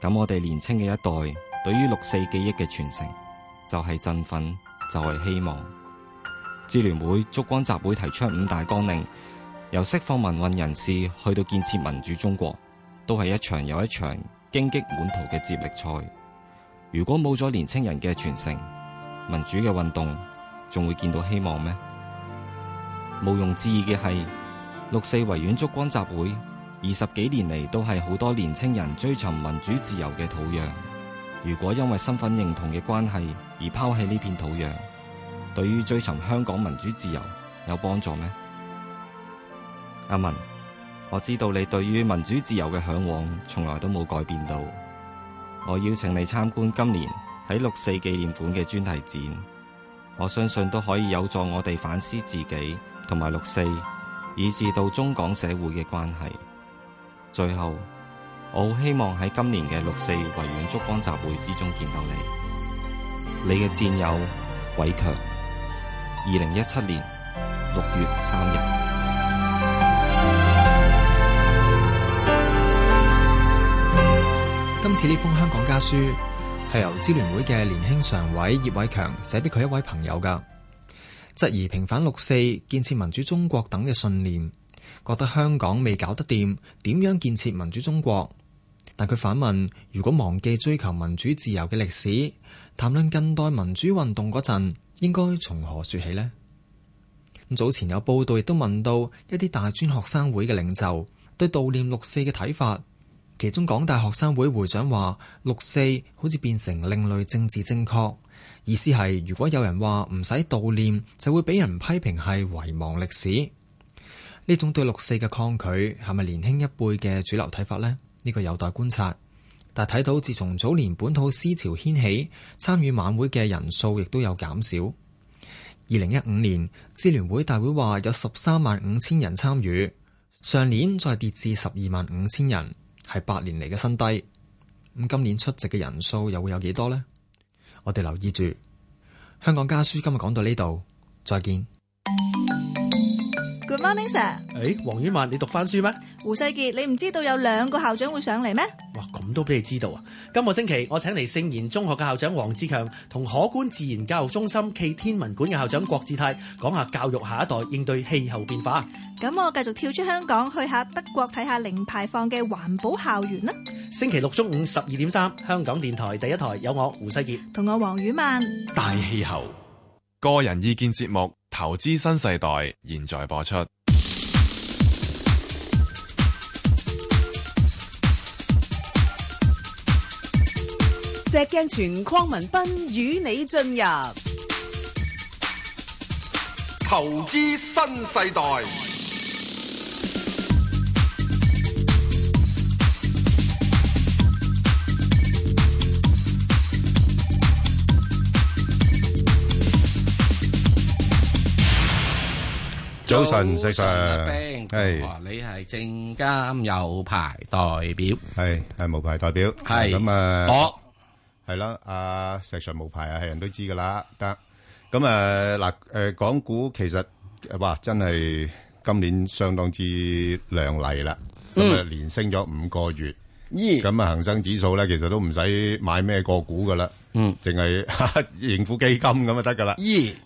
咁我哋年青嘅一代，對於六四記憶嘅傳承，就係、是、振奮，就係、是、希望。支聯會燭光集會提出五大綱領，由釋放民運人士去到建設民主中國，都係一場又一場荊棘滿途嘅接力賽。如果冇咗年青人嘅傳承，民主嘅運動仲會見到希望咩？毋庸置疑嘅係六四維園燭光集會，二十幾年嚟都係好多年青人追尋民主自由嘅土壤。如果因為身份認同嘅關係而拋棄呢片土壤，對於追尋香港民主自由有幫助咩？阿文，我知道你對於民主自由嘅向往從來都冇改變到。我邀請你參觀今年喺六四紀念館嘅專題展，我相信都可以有助我哋反思自己同埋六四，以至到中港社會嘅關係。最後，我好希望喺今年嘅六四維園燭光集會之中見到你，你嘅戰友偉強。二零一七年六月三日，今次呢封香港家書係由支聯會嘅年輕常委葉偉強寫俾佢一位朋友噶，質疑平反六四、建設民主中國等嘅信念。覺得香港未搞得掂，點樣建設民主中國？但佢反問：如果忘記追求民主自由嘅歷史，談論近代民主運動嗰陣，應該從何說起呢？早前有報道亦都問到一啲大專學生會嘅領袖對悼念六四嘅睇法，其中港大學生會會長話：六四好似變成另類政治正確，意思係如果有人話唔使悼念，就會俾人批評係遺忘歷史。呢種對六四嘅抗拒係咪年輕一輩嘅主流睇法呢？呢、呢個有待觀察。但睇到自從早年本土思潮掀起，參與晚會嘅人數亦都有減少。二零一五年，支聯會大會話有十三萬五千人參與，上年再跌至十二萬五千人，係八年嚟嘅新低。咁今年出席嘅人數又會有幾多呢？我哋留意住。香港家書今日講到呢度，再見。 Monica，誒，黃婉曼，你讀翻書咩？胡世傑，你唔知道有兩個校長會上嚟咩？哇，咁都俾你知道啊！今個星期我請嚟聖賢中學嘅校長黃志強，同可觀自然教育中心暨天文館嘅校長郭志泰講下教育下一代應對氣候變化。咁我繼續跳出香港去下德國睇下零排放嘅環保校園啦。星期六中午十二點三，香港電台第一台有我胡世傑同我黃婉曼大氣候個人意見節目。投資新世代，現在播出。石鏡泉、鄺民彬與你進入投資新世代。早晨，石 Sir，係你係證監有牌代表，係係無牌代表，係咁啊，我係啦，阿石 Sir 無牌啊，係人都知噶啦，得咁啊嗱，誒，港股其實哇，真係今年相當之亮麗啦，咁啊，連升咗五個月，咁啊，恒生指數咧，其實都唔使買咩個股噶啦，嗯，淨係盈富基金咁就得噶啦，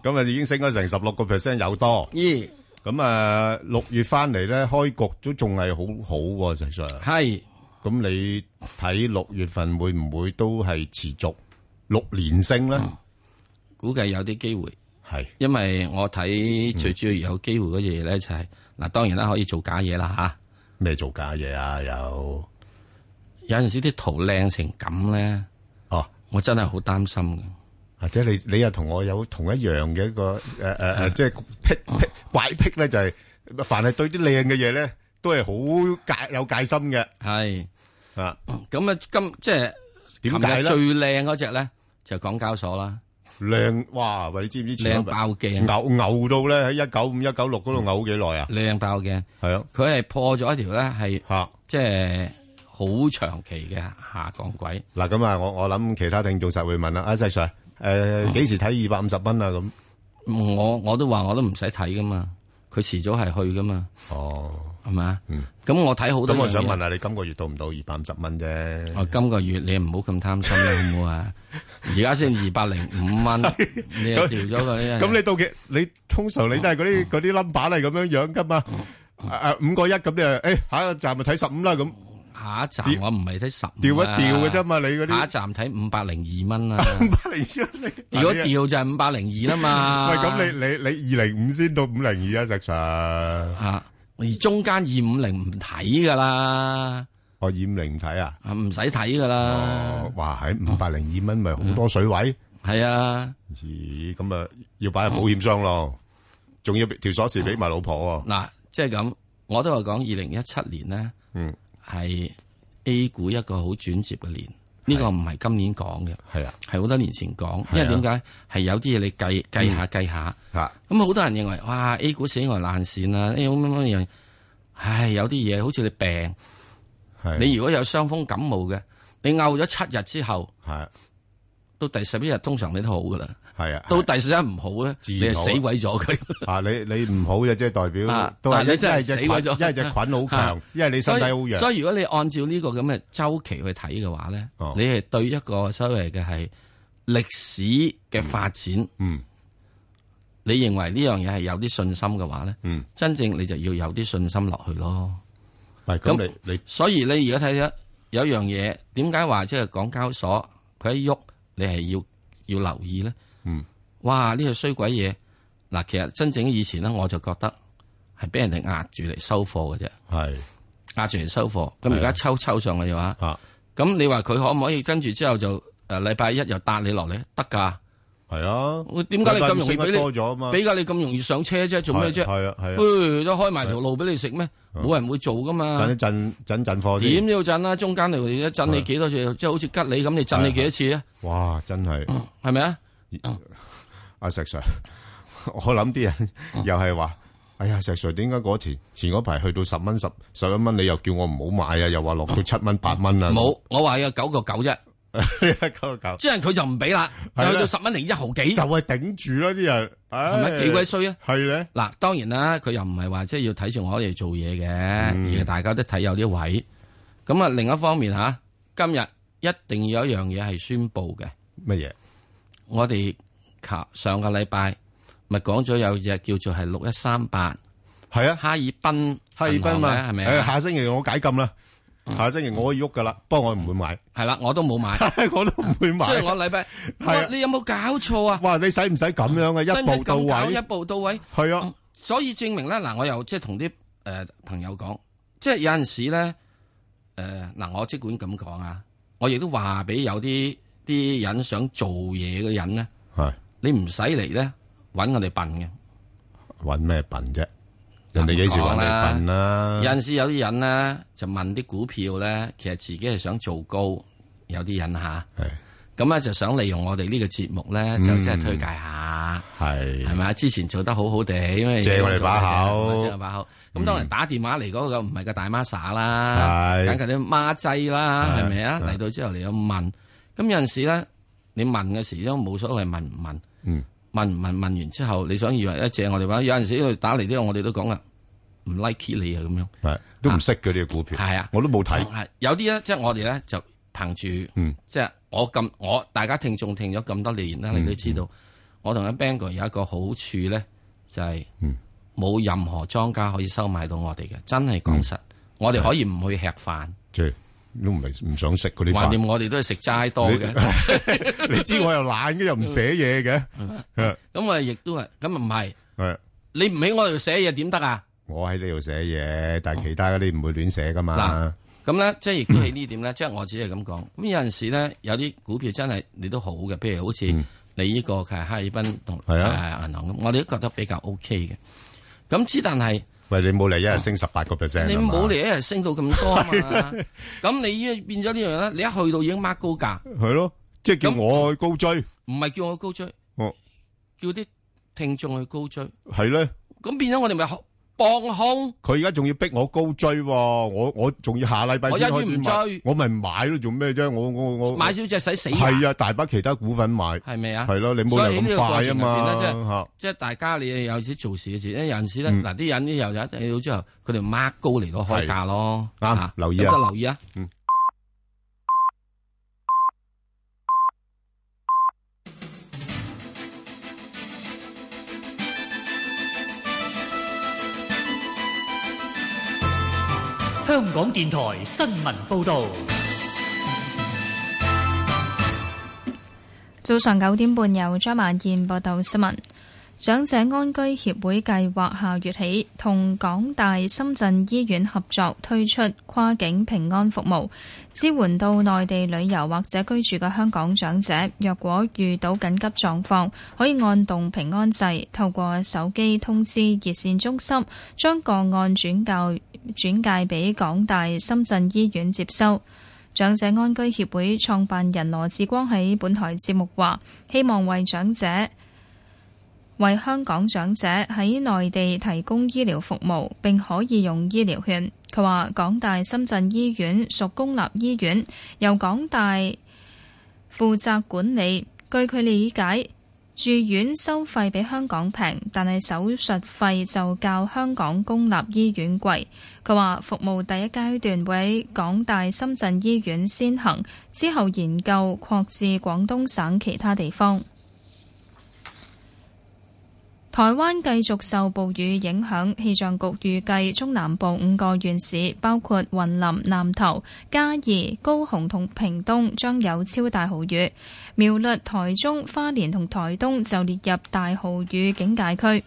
咁啊已經升咗成十六個 percent 有多，咦？咁啊，六月翻嚟咧，開局都仲係好好喎，實際上係。咁你睇六月份會唔會都係持續六連升咧？估計有啲機會係，是因為我睇最主要有機會嘅嘢咧，就係、是、嗱，當然啦，可以做假嘢啦吓。咩、啊、做假嘢啊？有有陣時啲圖靚成咁咧，哦、啊，我真係好擔心嘅。或者你你又同我有同一樣嘅一個誒誒誒，即係癖癖怪癖咧，就係凡係對啲靚嘅嘢咧，都係好戒有戒心嘅。係啊，咁啊今即係點解咧？最靚嗰隻咧就係港交所啦，靚哇！喂，你知唔知？靚爆鏡，牛牛到咧喺一九五一九六嗰度牛幾耐啊？靚爆鏡，係啊！佢係破咗一條咧係嚇，即係好長期嘅下降軌。嗱咁啊，我我諗其他聽眾實會問啦，阿細 Sir。誒，幾、呃、時睇二百五十蚊啊？咁、嗯、我我都話我都唔使睇噶嘛，佢遲早係去噶嘛。哦，係咪啊？咁、嗯、我睇好多嘢。嗯、我想問下你，今個月到唔到二百五十蚊啫？我今、哦今個月你唔好咁貪心啦，好唔好啊？而家先二百零五蚊，你調咗佢。咁你到嘅，你通常你都係嗰啲嗰啲 number 係咁樣樣噶嘛？誒五個一咁就，誒、哎、下一個站咪睇十五啦咁。下一站我唔係睇十，調一調嘅啫嘛，啊、你嗰啲下一站睇五百零二蚊啊，五百零二，調一調就係五百零二啦嘛。咁你你你二零五先到五零二啊，直上啊，而中間二五零唔睇噶啦，我二五零唔睇啊，唔使睇噶啦。哇，喺五百零二蚊咪好多水位，係啊，咦、嗯，咁啊、欸、要擺喺保險箱咯，仲、嗯、要條鎖匙俾埋老婆、啊。嗱、啊，即係咁，我都係講二零一七年咧，嗯。係 A 股一個好轉接嘅年，呢、啊、個唔係今年講嘅，係啊，係好多年前講，啊、因為點解係有啲嘢，你計計下計下，咁好、嗯啊、多人認為哇 A 股死鵝爛線啊，呢樣樣，唉，有啲嘢好似你病，啊、你如果有傷風感冒嘅，你拗咗七日之後。到第十一日通常你都好噶啦，係啊。到第十一唔好咧，你係死鬼咗佢。啊，你你唔好嘅即係代表，都你真係死鬼咗，一係隻菌好強，一係你身體好弱。所以如果你按照呢個咁嘅周期去睇嘅話咧，你係對一個所謂嘅係歷史嘅發展，嗯，你認為呢樣嘢係有啲信心嘅話咧，嗯，真正你就要有啲信心落去咯。係咁，你你所以你而家睇咗有一樣嘢，點解話即係港交所佢喺喐？你係要要留意咧，嗯，哇！呢個衰鬼嘢，嗱，其實真正以前咧，我就覺得係俾人哋壓住嚟收貨嘅啫，係壓住嚟收貨。咁而家抽是的 抽上去嘅話，啊，咁你話佢可唔可以跟住之後就誒禮拜一又搭你落嚟？得㗎。係啊，點解你咁容易俾你俾架你咁容易上車啫？做咩啫？係啊係啊、呃，都開埋條路俾你食咩？冇、啊、人會做噶嘛？震震震震貨點要震啊？中間嚟一震你幾多次？即係好似吉你咁，你震你幾多次啊？哇！真係係咪啊？阿石 Sir，我諗啲人又係話，哎呀，石 Sir，點解嗰前前嗰排去到十蚊十十一蚊，10，你又叫我唔好買啊？又話落到七蚊八蚊啊？冇、嗯嗯，我話有九個九啫。係啊九九。啲 Go go. 人佢就唔俾啦，呢去到十蚊零一毫幾，就會頂住咯啲人，係咪幾鬼衰啊？係咧呢，嗱當然啦，佢又唔係話即係要睇住我哋做嘢嘅，嗯、而大家都睇有啲位。咁啊，另一方面吓、啊，今日一定要有一樣嘢係宣布嘅，乜嘢麼？我哋上個禮拜咪講咗有隻叫做係六一三八，係啊，哈爾濱，哈爾濱嘛，係咪？下星期我解禁啦。下星期我可以喐噶啦，嗯、不過我唔會買。係啦，我都冇買， 我都唔會買。即係我禮拜係，你有冇搞錯啊？的哇，你使唔使咁樣嘅一步到位？一步到位。係啊。的所以證明咧嗱，我又即係同啲誒朋友講，即係有陣時咧誒嗱，我即管咁講啊，我亦都話俾有啲啲人想做嘢嘅人咧，係的你唔使嚟咧，搵我哋笨嘅，搵咩笨啫？人哋幾時講啦？有陣時有啲人呢，就問啲股票呢，其實自己係想做高，有啲人吓。係咁啊，就想利用我哋呢個節目呢，就即係推介下。係係咪啊？之前做得好好地，因為借我哋把口。借把口。咁當然打電話嚟，嗰個唔係個大媽耍啦，係，梗係啲孖仔啦，係咪啊？嚟到之後嚟又問，咁有陣時呢，你問嘅時都冇所謂問唔問。嗯。問問問完之後，你想以為一借我哋話，有陣時佢打嚟，啲，我哋都講、like、啊，唔 like 你啊，咁樣係都唔識嗰啲股票，係啊，我都冇睇、嗯。有啲咧，即、就、係、是、我哋咧就憑住，即係、嗯、我咁我大家聽眾聽咗咁多年啦，嗯、你都知道、嗯、我同阿 Bangor 有一個好處咧，就係、是、冇任何莊家可以收買到我哋嘅。真係講實，嗯、我哋可以唔去吃飯。都唔係唔想食嗰啲飯，橫掂我哋都係食齋多嘅。你知我又懶嘅，又唔寫嘢嘅。咁我亦都係，咁唔係。你唔喺我度寫嘢點得啊？我喺呢度寫嘢，但係其他嗰啲唔會亂寫噶嘛。嗱，咁咧即係亦都係呢點咧，即係我只係咁講。咁有陣時咧，有啲股票真係你都好嘅，譬如好似你呢個係哈爾濱同誒銀行，我哋都覺得比較 OK 嘅。咁之但係。喂，你冇嚟一日升十八個 percent，你冇嚟一日升到咁多啊嘛？咁你依家變咗呢樣咧，你一去到已經 mark 高價，係咯，即係叫我去高追，唔係叫我去高追，哦，叫啲聽眾去高追，係咧，咁變咗我哋咪學。放空，佢而家仲要逼我高追喎。哦，我我仲要下禮拜先開始，我一追，我咪買咯。啊，做咩啫？我我我買少隻使死係啊，大把其他股份買係咪啊？係咯。啊，你冇理由咁快啊嘛，啊即係即係大家你有時做事嘅時，有陣時咧嗱啲人咧又就一定要之後佢哋 mark 高嚟到開價咯，對啊留意有留意啊？意啊嗯。香港電台新聞報道，早上九點半由張曼燕報道新聞。長者安居協會計劃下月起同港大深圳醫院合作推出跨境平安服務，支援到內地旅遊或者居住嘅香港長者。若果遇到緊急狀況，可以按動平安掣，透過手機通知熱線中心，將個案轉介。轉介俾港大深圳醫院接收。長者安居協會創辦人羅志光喺本台節目話，希望為長者、為香港長者喺內地提供醫療服務，並可以用醫療券。佢話港大深圳醫院屬公立醫院，由港大負責管理。據佢理解，住院收費比香港平，但係手術費就較香港公立醫院貴，佢話服務第一階段會喺港大深圳醫院先行，之後研究擴至廣東省其他地方。台灣繼續受暴雨影響，氣象局預計中南部五個縣市，包括雲林、南投、嘉義、高雄同屏東，將有超大豪雨；苗栗、台中、花蓮同台東就列入大豪雨警戒區。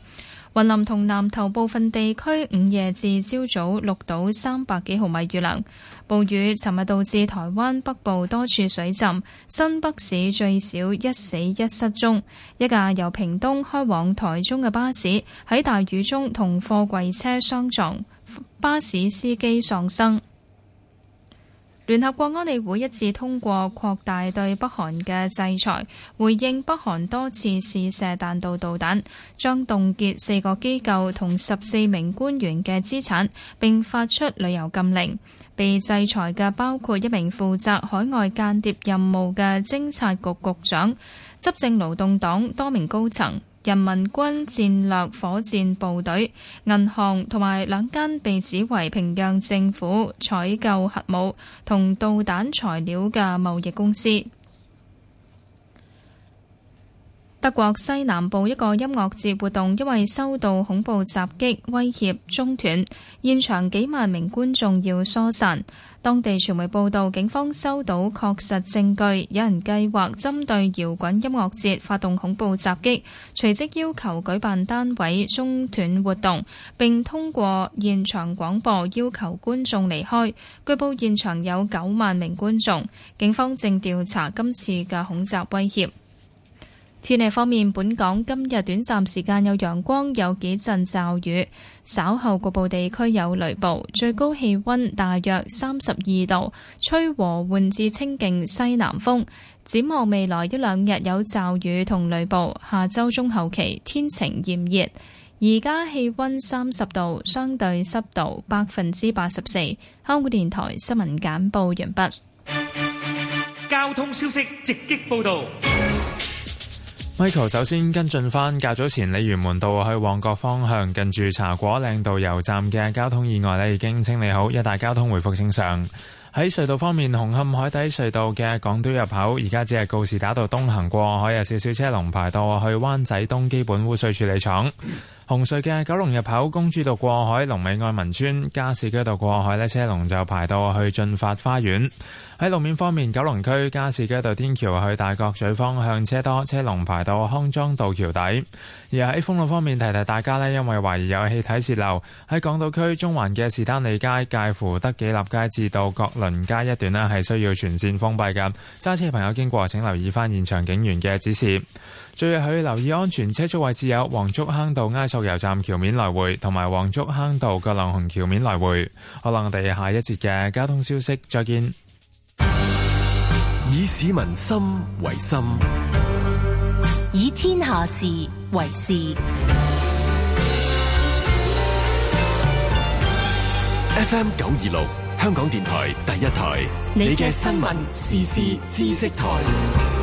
雲林同南投部分地區午夜至朝早錄到三百幾毫米雨量，暴雨尋日導致台灣北部多處水浸，新北市最少一死一失蹤，一架由屏東開往台中嘅巴士喺大雨中同貨櫃車相撞，巴士司機喪生。聯合國安理會一致通過擴大對北韓嘅制裁，回應北韓多次試射彈道導彈，將凍結四個機構同十四名官員嘅資產，並發出旅遊禁令。被制裁嘅包括一名負責海外間諜任務嘅偵察局局長、執政勞動黨多名高層、人民軍戰略火箭部隊、銀行同埋兩間被指為平壤政府採購核武同導彈材料嘅貿易公司。德國西南部一個音樂節活動因為收到恐怖襲擊威脅中斷，現場幾萬名觀眾要疏散。當地傳媒報道，警方收到確實證據，有人計劃針對搖滾音樂節發動恐怖襲擊，隨即要求舉辦單位中斷活動，並通過現場廣播要求觀眾離開。據報現場有九萬名觀眾，警方正調查今次嘅恐襲威脅。天氣方面，本港今日短暫時間有陽光，有幾陣驟雨，稍後局部地區有雷暴，最高氣溫大約三十二度，吹和緩至清勁西南風。展望未來一兩日有驟雨同雷暴，下周中後期天晴炎熱。而家氣溫三十度，相對濕度百分之八十四。香港電台新聞簡報完畢。交通消息直擊報道。Michael 首先跟進返較早前鯉魚門道去旺角方向近住茶果嶺道油站嘅交通意外呢已經清理好，一帶交通回復正常。喺隧道方面，紅磡海底隧道嘅港島入口而家只係告示打到東行過海，有少少車龍排到去灣仔東基本污水處理廠。紅隧嘅九龍入口公主道過海，龍尾愛民村、加士居道過海咧，車龍就排到去駿發花園。喺路面方面，九龍區加士居道天橋去大角咀方向車多，車龍排到康莊道橋底。而喺、啊、封路方面，提提大家咧，因為懷疑有氣體洩漏，喺港島區中環嘅士丹利街介乎德己立街至到閣麟街一段咧，係需要全線封閉嘅。揸車朋友經過，請留意翻現場警員嘅指示。最近可以留意安全車速位置有黃竹坑道埃索油站橋面來回，同埋黃竹坑道嘅龍紅橋面來回。我哋下一節嘅交通消息再見。以市民心為心，以天下事為事。FM 九二六香港電台第一台，你嘅新聞時事知識台。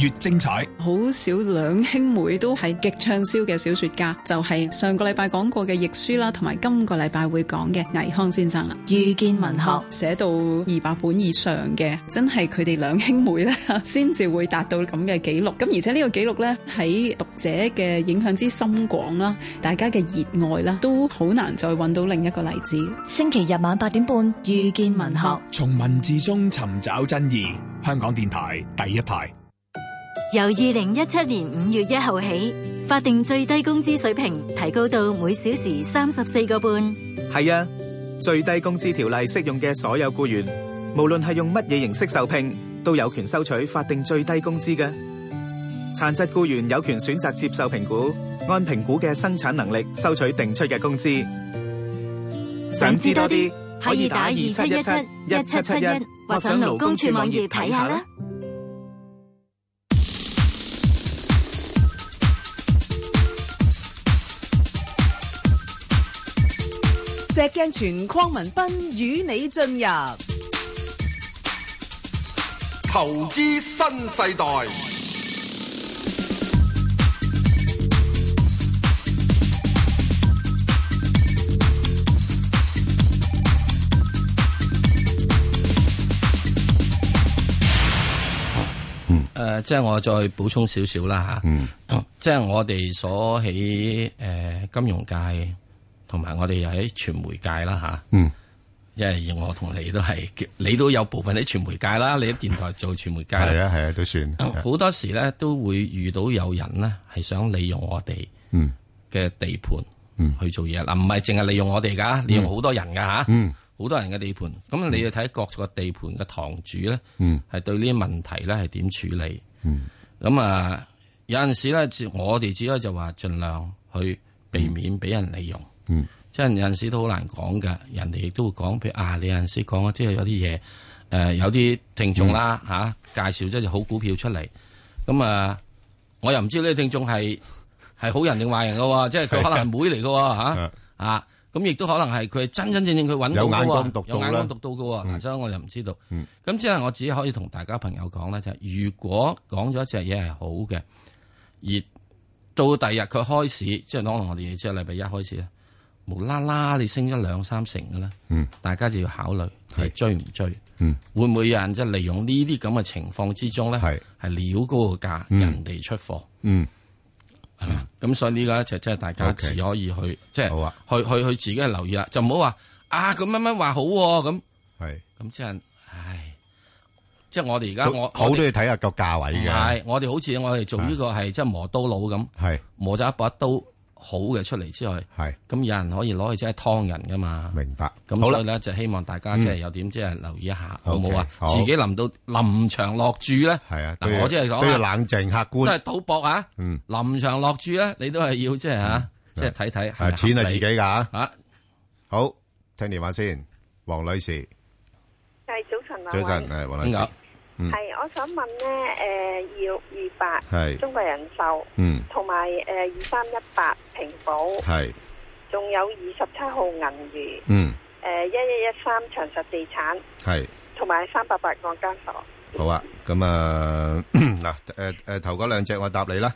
越精彩，好少兩兄妹都係極暢銷嘅小說家，就係、是、上個禮拜講過嘅亦舒啦，同埋今個禮拜會講嘅倪匡先生啦。遇見文學寫到二百本以上嘅，真係佢哋兩兄妹咧，先至會達到咁嘅記錄。咁而且呢個記錄咧，喺讀者嘅影響之深廣啦，大家嘅熱愛啦，都好難再揾到另一個例子。星期日晚八點半，遇見文學，從文字中尋找真意。香港電台第一台。由二零一七年五月一號起，法定最低工資水平提高到每小時三十四個半。係啊，最低工資條例適用嘅所有僱員，無論係用乜嘢形式受聘，都有權收取法定最低工資嘅。殘疾僱員有權選擇接受評估，按評估嘅生產能力收取定出嘅工資。想知多啲，可以打二七一七一七七一，或上勞工處網頁睇下啦。石鏡泉鄺民彬與你進入投資新世代。嗯，誒，即係我再補充少,少少啦，吓，嗯，即係我哋所起誒、呃、金融界。同埋，我哋又喺傳媒界啦，嚇、啊。嗯，因為而我同你都係，你都有部分喺傳媒界啦。你喺電台做傳媒界，係啊係啊，都算好、嗯、多時咧，都會遇到有人呢係想利用我哋嘅地盤去做嘢嗱，唔係淨係利用我哋㗎，利用好多人㗎嚇。好、啊嗯、多人嘅地盤咁，嗯、你要睇各個地盤嘅堂主咧、嗯嗯，嗯，係對呢啲問題咧係點處理？咁啊，有陣時咧，我哋只可以就話盡量去避免俾人利用。嗯，即係有陣時都好難講噶。人哋亦都會講，譬如啊，你有陣時講即係有啲嘢誒，有啲聽眾啦吓介紹咗隻好股票出嚟咁啊。我又唔知呢啲聽眾係係好人定壞人噶，即係佢可能係妹嚟噶吓啊。咁亦都可能係佢真真正正佢搵到啊，有眼光讀到啦，有眼光讀到噶，所以我又唔知道。咁即係我只可以同大家朋友講咧，就係如果講咗一隻嘢係好嘅，而到第日佢開始，即係可能我哋即係禮拜一開始咧。無啦啦，你升咗兩三成嘅啦，大家就要考慮係追唔追？會唔會有人即係利用呢啲咁嘅情況之中咧？係，係撩高個價，人哋出貨。係嘛，咁所以呢個一齊即係大家只可以去，即係去去去自己去留意啦，就唔好話啊，咁乜乜話好咁。係，咁即係，唉，即係我哋而家我好都要睇下個價位嘅。係，我哋好似我哋做呢個係即係磨刀佬咁，磨咗一把刀。好嘅出嚟之外，係咁有人可以攞去，即係劏人噶嘛？明白。咁所以咧就希望大家即係有點即係留意一下好冇啊？自己臨到臨場落注咧，係啊。我即係講啦，都要冷靜客觀，即係賭博啊。嗯，臨場落注咧，你都係要即係吓，即係睇睇。係錢係自己噶吓。好，聽電話先，黃女士。係早晨啊，早晨，係黃女士。係，我想問咧，誒，二六二八，係中國人壽，嗯，同埋誒二三一八平保，係，仲有二十七號銀娛，嗯，誒，一一一三長實地產，係，同埋三八八港交所，好啊，咁啊，嗱，誒誒，頭嗰兩隻我答你啦，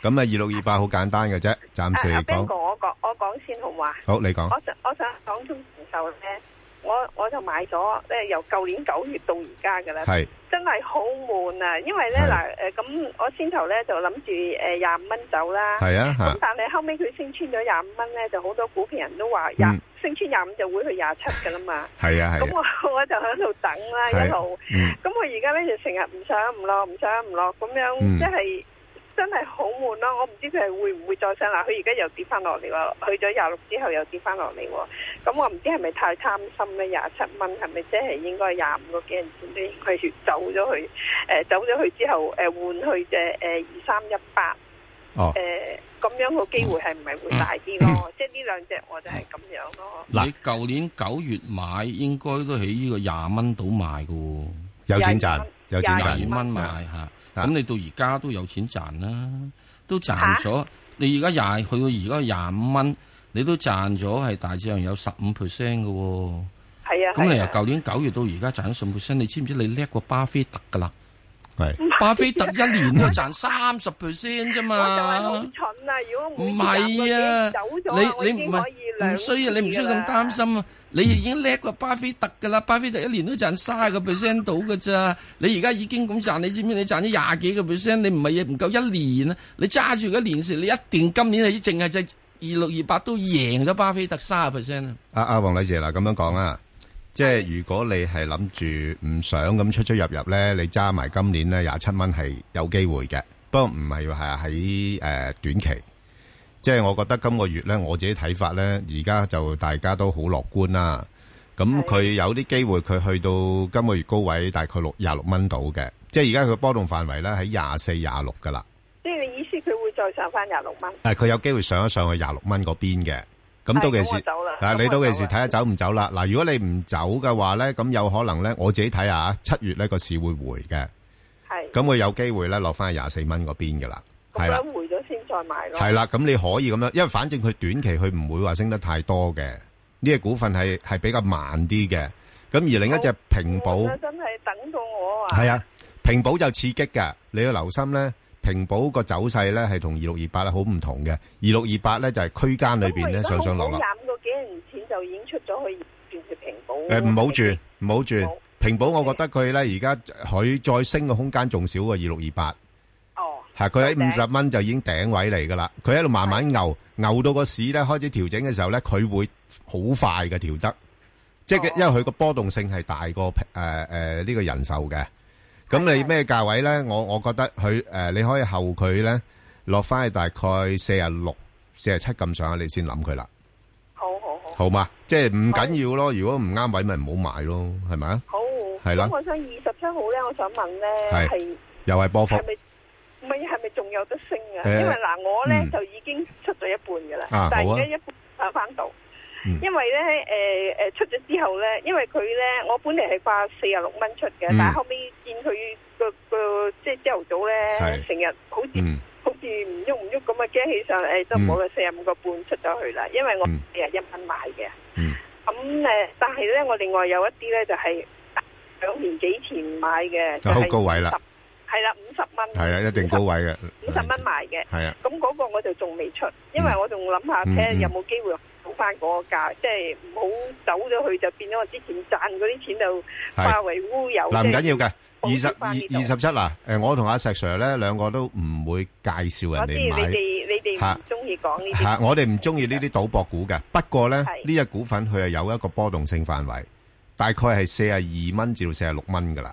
咁啊，二六二八好簡單嘅啫，暫時講，邊個我講我講先好嘛？好，你講，我我想講中國人壽咧。我我就買咗咧、呃，由舊年九月到而家嘅啦，是真係好悶啊！因為咧嗱誒，咁是、呃、我先頭咧就諗住誒廿五蚊走啦，咁、啊啊、但係後尾佢升穿咗廿五蚊咧，就好多股評人都話廿、嗯、升穿廿五就會去廿七嘅啦嘛，咁、 啊啊、我我就喺度等啦一路，咁我而家咧就成日唔上唔落，唔上唔落咁樣，即係、嗯。嗯。真係好悶咯，我唔知佢係會唔會再上啦、啊。佢而家又跌翻落嚟咯，去咗廿六之後又跌翻落嚟。咁我唔知係咪太貪心咧、啊？廿七蚊係咪即係應該廿五個幾銀錢都應走咗去？誒、呃，走咗去之後誒，換、呃、去隻誒、呃、二三一八、呃、哦，誒咁樣個機會係唔係會大啲咯、啊？嗯嗯、即係呢兩隻我就係咁樣咯、啊。嗱、嗯，舊年九月買應該都喺呢個廿蚊度買噶、啊，有錢賺，有錢賺，廿二蚊買吓。咁你到而家都有錢賺啦、啊，都賺咗。啊、你而家廿去到而家廿五蚊，你都賺咗係大致上有十五 percent 嘅。係、哦、啊，咁你由舊年九月到而家賺咗十五 percent，你知唔知你叻過巴菲特噶啦？係是。啊、巴菲特一年都賺三十 percent 啫嘛。 我就係好蠢啦、啊，如果唔係啊，走咗，你你唔係唔需要，你唔需要咁擔心啊。你已經叻過巴菲特噶啦，巴菲特一年都賺卅個 percent 到嘅咋？你而家已經咁賺，你知唔知你？你賺咗廿幾個 percent，你唔係唔夠一年啊？你揸住而家年線，你一定今年係淨係隻二六二八都贏咗巴菲特卅 percent 啊！阿、啊、阿王女士嗱，咁、啊、樣講啦。即係如果你係諗住唔想咁出出入入咧，你揸埋今年咧廿七蚊係有機會嘅，不過唔係話喺誒短期。即係我覺得今個月咧，我自己睇法咧，而家就大家都好樂觀啦。咁佢有啲機會，佢去到今個月高位大概六廿六蚊度嘅。即係而家佢波動範圍咧喺廿四廿六噶啦。即係意思佢會再上翻廿六蚊。誒，佢，啊，有機會上一上去廿六蚊嗰邊嘅。咁到期時，但走但走啊，你到期時睇下走唔走啦。嗱，的、啊，如果你唔走嘅話咧，咁有可能咧，我自己睇下七月呢個市會回嘅。係的。咁佢有機會咧落翻去廿四蚊嗰邊噶啦。係係啦，咁你可以咁樣，因為反正佢短期佢唔會話升得太多嘅，呢隻股份係係比較慢啲嘅。咁而另一隻平保，真係等到我啊！係啊，平保就刺激噶，你要留心咧。平保個走勢咧係同二六二八咧好唔同嘅。二六二八咧就係區間裏邊咧上上落落。因為平保入個幾年前就已經出咗去轉去平保。誒，唔好轉，唔好轉。平保我覺得佢咧而家佢再升嘅空間仲少過二六二八。係佢喺五十蚊就已經頂位嚟噶啦，佢喺度慢慢牛，的牛到個市咧開始調整嘅時候咧，佢會好快嘅調得，即係因為佢個波動性係大過誒誒呢個人壽嘅。咁你咩價位咧？我我覺得佢誒、呃，你可以後佢咧落翻去大概四十六、四十七咁上下，你先諗佢啦。好好好，好嘛，即係唔緊要咯。如果唔啱位，咪唔好買咯，係咪啊？好，係啦。我想二十七號咧，我想問咧係是是又係波幅？是咁嘅嘢係咪仲有得升啊？因為嗱，我咧、嗯、就已經出咗一半嘅啦，啊、但係而家一翻到、嗯因呢呃呢，因為咧誒誒出咗之後咧，因為佢咧，我本嚟係掛四十六蚊出嘅，嗯、但係後尾見佢個個即係朝頭早咧，成日好似好似唔喐唔喐咁啊，驚起上嚟、哎、都冇個四十五個半出咗去啦，因為我四十一蚊買嘅，咁誒、嗯嗯嗯，但係咧我另外有一啲咧就係兩年幾前買嘅，就好高位啦。係啦，五十蚊係啊，一定高位嘅，五十蚊賣嘅。係啊，咁嗰個我就仲未出，因為我仲諗下睇有冇機會補翻嗰個價，即係唔好走咗去就變咗我之前賺嗰啲錢就化為烏有。嗱，唔緊要嘅，二十二二十七啊！誒，我同阿石 Sir 咧兩個都唔會介紹人哋買。即係你哋你哋唔中意講呢啲。我哋唔中意呢啲賭博股嘅。不過咧呢隻股份佢係有一個波動性範圍，大概係四十二蚊至到四十六蚊噶啦。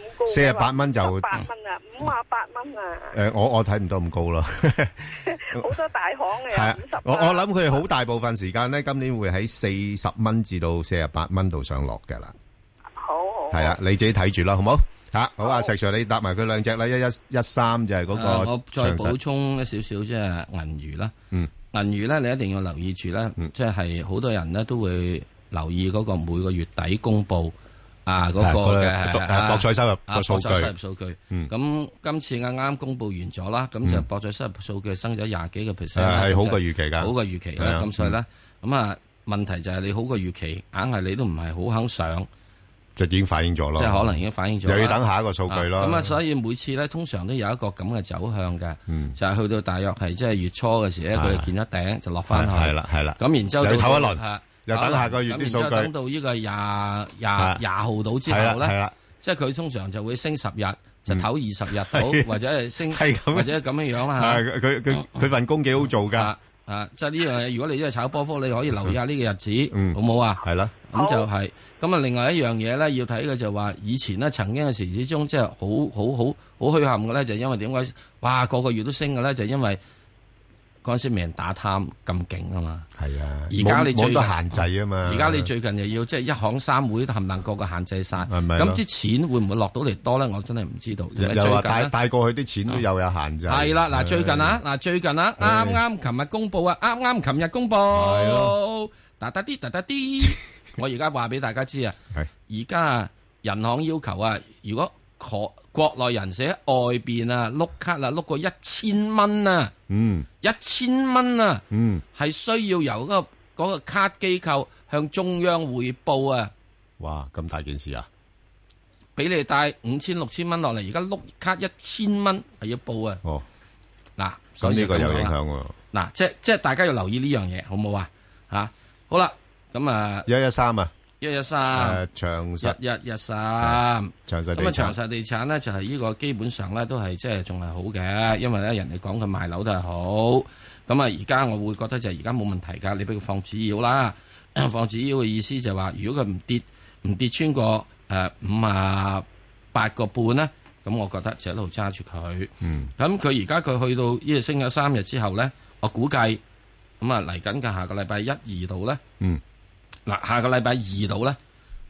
四十八蚊就會八蚊啊，五十八蚊啊！誒、呃，我我睇唔到咁高咯。 好多大行嘅係啊，啊我我諗佢好大部分時間咧，今年會喺四十蚊至到四十八蚊度上落嘅啦。好，好，好，係啊，你自己睇住啦，好冇吓、啊？好啊，好好石 Sir，你搭埋佢兩隻啦，一一一三就係嗰個、啊。我再補充一少少，即係銀魚啦。嗯，銀魚咧，你一定要留意住咧，即係好多人咧都會留意嗰個每個月底公布。啊！嗰個嘅博彩收入個數據，咁今次啱啱公布完咗啦，咁就博彩收入數據升咗廿幾個 percent，係好過預期噶，好過預期啦。咁所以咧，咁啊問題就係你好過預期，硬係你都唔係好肯上，就已經反映咗咯。即係可能已經反映咗，又要等下一個數據咯。咁啊，所以每次咧，通常都有一個咁嘅走向嘅，就係去到大約係即係月初嘅時咧，佢係見一頂就落翻去，係啦係啦。咁然之後唞一輪。又等下個月啲數據，等到呢個廿廿廿號到之後咧，即係佢通常就會升十日，就唞二十日股，或者升，或者咁樣樣啦。佢佢佢份工幾好做噶，啊，即係呢樣嘢。如果你真係炒波幅，你可以留意下呢個日子，好唔好啊？係啦，咁就係。咁啊，另外一樣嘢咧，要睇嘅就話以前咧，曾經嘅時之中，即係好好好好虛陷嘅咧，就因為點解？哇，個個月都升嘅咧，就因為。嗰陣時未人打貪咁勁啊嘛，係啊，而家你冇得限制啊嘛，而家你最近又要即係一行三會，冚唪唥個個限制晒，係咪，咁啲錢會唔會落到嚟多咧？我真係唔知道。又話帶帶過去啲錢又有限制。係啦，嗱，最近啊，嗱，最近啊，啱啱琴日公布啊，啱啱琴日公布，係咯，嗒嗒啲，嗒嗒啲，我而家話俾大家知啊，而家銀行要求啊，如果國國內人士喺外邊啊，碌卡啦、啊、碌過一千蚊啊，嗯，一千蚊啊，嗯，係需要由嗰、嗰個、嗰個卡機構向中央匯報啊。哇，咁大件事啊！俾你帶五千六千蚊落嚟，而家碌卡一千蚊係要報、哦、啊。哦，嗱，咁呢個有影響喎、啊。嗱、啊，即係即係大家要留意呢樣嘢，好冇啊？吓、啊，好啦，咁啊，一一三啊。啊一一三，長實一一三，長咁啊！長實地產咧就係、是、呢個基本上咧都係即係仲係好嘅，因為咧人哋講佢賣樓都係好，咁啊而家我會覺得就係而家冇問題噶，你畀佢放紙鷂啦， 放紙鷂嘅意思就係、是、話如果佢唔跌唔跌穿個誒五啊八個半咧，咁、呃、我覺得就一路揸住佢。嗯，咁佢而家佢去到呢個升咗三日之後咧，我估計咁啊嚟緊嘅下個禮拜一二度咧。嗯。下個禮拜二度咧，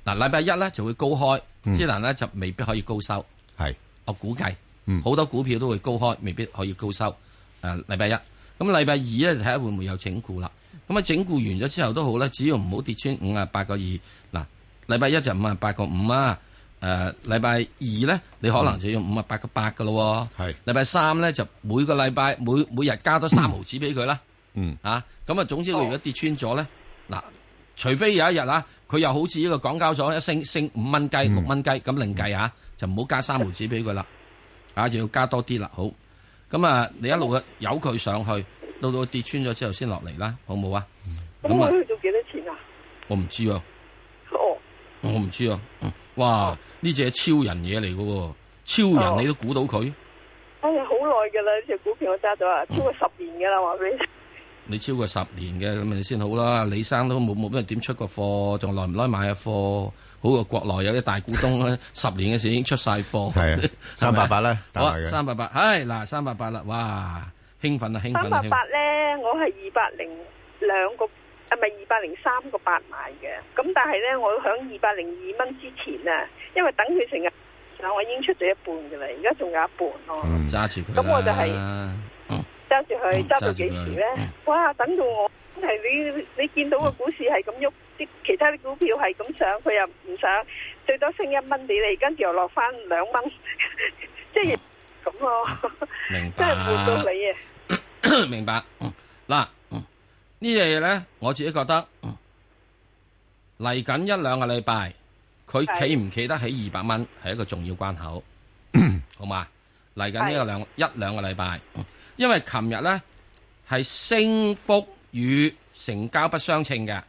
嗱，禮拜一咧就會高開，嗯、之難咧就未必可以高收。係是，我估計好、嗯、多股票都會高開，未必可以高收。誒、呃，禮拜一，咁禮拜二咧睇下會唔會有整固啦。咁、嗯、啊整固完咗之後都好咧，只要唔好跌穿五啊八個二。嗱，禮拜一就五啊八個五啊，誒禮拜二咧你可能就要五啊八個八噶咯。係、嗯，禮拜三咧就每個禮拜每每日加多三毫子俾佢啦。嗯，啊，咁啊總之佢如，、哦、如果跌穿咗咧。除非有一日啊，佢又好似呢個港交所一升升五蚊雞六蚊雞咁另計吓，就唔好加三毫子俾佢啦，啊，就要加， 啊要加多啲啦。好，咁啊，你一路由佢上去，到到跌穿咗之後先落嚟啦，好唔好啊？咁、嗯、啊，佢做幾多錢啊？我唔知啊。哦，我唔知啊。嗯，哇，呢隻、嗯、超人嘢嚟嘅喎，超人、嗯、你都估到佢？哎呀，好耐嘅啦，呢、這、隻、個、股票我揸咗啊，超過十年嘅啦，話俾你。你超過十年嘅，咁你先好啦。李生都冇冇咩點出過貨，仲耐唔耐買下貨，好過國內有啲大股東咧， 十年嘅時已經出晒貨。係 啊三百八、哎，三百八咧，打埋三百八，唉嗱，三百八啦，哇，興奮啊，興奮！三百八咧，我係二百零兩個，係、啊、咪二百零三個八買嘅？咁但係咧，我喺二百零二蚊之前啊，因為等佢成日嗱、啊，我已經出咗一半嘅啦，而家仲有一半咯。嗯，揸住佢。咁我就係、是。揸住佢揸到幾時咧？哇！等到我係你，你見到個股市係咁喐，啲其他啲股票係咁上，佢又唔上，最多升一蚊俾你，跟住又落翻兩蚊，即係咁咯，真係換到你啊！明白，嗯，嗱，嗯，呢樣嘢咧，我自己覺得，嗯，嚟緊一兩個禮拜，佢企唔企得起二百蚊，係一個重要關口，好嘛？嚟緊呢個兩一兩個禮拜。因為琴日咧係升幅與成交不相稱嘅，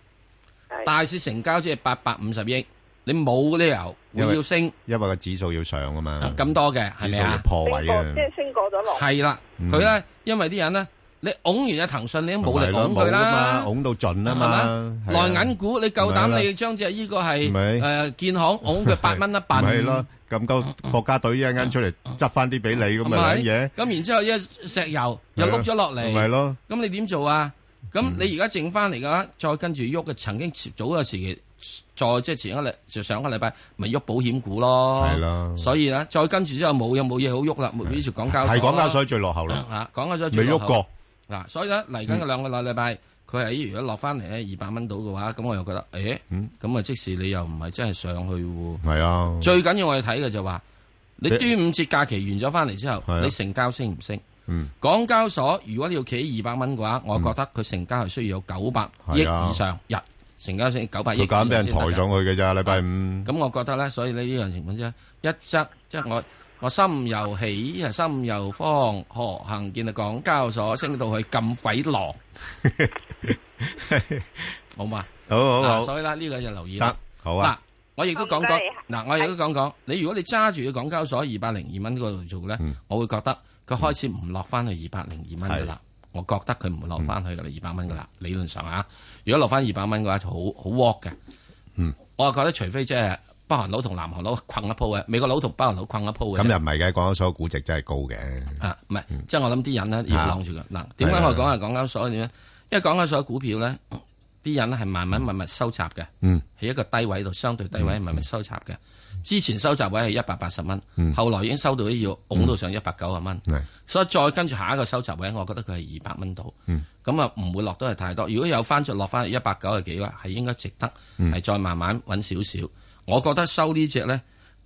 大市成交只係八百五十億，你冇理由會要升，因為個指數要上啊嘛，咁多嘅，指數要破位啊，即係升過咗落，係啦，佢咧因為啲人咧，你拱完啊騰訊，你冇力拱佢啦，拱到盡啊嘛，內銀股你夠膽你要將隻依個係誒建行，拱佢八蚊一板。咁鳩國家隊一陣間出嚟執翻啲俾你，咁咪乜嘢？咁然之後一石油又碌咗落嚟，唔係咯？咁你點做啊？咁你而家剩翻嚟嘅話，再跟住喐嘅，曾經早嘅時期，再即係前一禮就上個禮拜，咪喐保險股咯。係啦，所以咧，再跟住之後冇嘢，冇嘢好喐啦。目前港交係港交，所以最落後咯。啊，港交所以最落後，未喐過嗱。所以咧嚟緊嘅兩個禮拜。佢係如果落翻嚟二百蚊到嘅話，咁我又覺得，誒、欸，咁啊、嗯，即使你又唔係真係上去喎？係啊、嗯，最緊要我哋睇嘅就話，你端午節假期完咗翻嚟之後，嗯、你成交升唔升？嗯、港交所如果你要企二百蚊嘅話，我覺得佢成交係需要有九百、嗯、億以上日成交升九百億。佢揀俾人抬上去嘅咋。禮拜五。咁、嗯、我覺得咧，所以呢呢樣情況之下，一則即係我。我心又喜，心又慌。何行健就港交所升到去咁鬼狼， 好嘛吧？好好，好、啊、所以啦，呢、這個就留意啦。得，好啊。嗱，我亦都講講，嗱、嗯，我亦都講講。你如果你揸住個港交所二百零二蚊嗰度做咧，的我會覺得佢開始唔落翻去二百零二蚊噶啦。的我覺得佢唔會落翻去噶啦二百蚊噶啦。理論上啊，如果落翻二百蚊嘅話，就好好 work 嘅。嗯，我啊覺得除非即係。 北韓佬同南韓佬困一鋪嘅，美國佬同北韓佬困一鋪嘅，咁又唔係嘅。港交所估值真係高嘅啊，唔係、嗯、即係我諗啲人呢、啊、要晾住嘅嗱。點、啊、解我講下港交所點咧？因為港交所股票咧，啲、嗯、人咧係慢慢密密收集嘅，喺、嗯、一個低位度相對低位密密、嗯、收集嘅。之前收集位係一百八十蚊，嗯、後來已經收到要拱到上一百九十蚊，嗯、所以再跟住下一個收集位，我覺得佢係二百蚊度咁啊，唔、嗯、會落到係太多。如果有翻出落翻去一百九十幾位，係應該值得係再慢慢搵少少。我覺得收呢隻咧，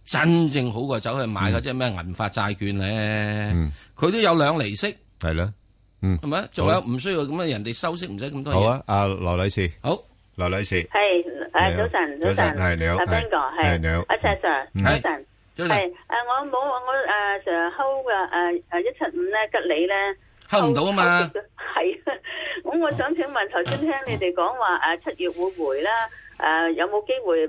真正好過走去買嗰隻咩銀髮債券咧，佢都有兩厘息，係啦，嗯，係咪仲有唔需要咁樣？人哋收息唔使咁多嘢。好啊，阿羅女士，好，羅女士，係，誒，早晨，早晨，係你好，阿彬哥，係你好，阿 Sir，早晨，早晨，係，誒，我冇我誒，成日 hold 嘅誒誒，一七五咧，吉利咧，hold 唔到啊嘛，係，咁我想請問，頭先聽你哋講話誒，七月會回啦。誒、啊，有冇機會誒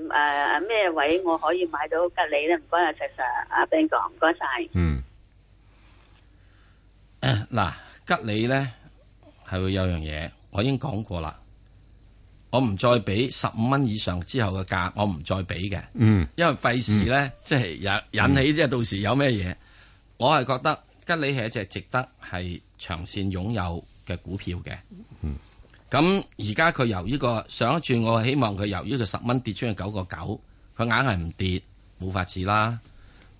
咩、啊、位我可以買到吉利咧？唔該啊，石石阿 Ben 講，唔該晒。嗯。嗱、啊，吉利咧係會有樣嘢，我已經講過啦。我唔再俾十五蚊以上之後嘅價，我唔再俾嘅。嗯。因為費事咧，嗯、即係引引起即係到時有咩嘢，我係覺得吉利係一隻值得係長線擁有嘅股票嘅。嗯。嗯咁而家佢由呢、這個上一轉，我希望佢由呢個十蚊跌穿去九個九，佢硬係唔跌，冇法子啦。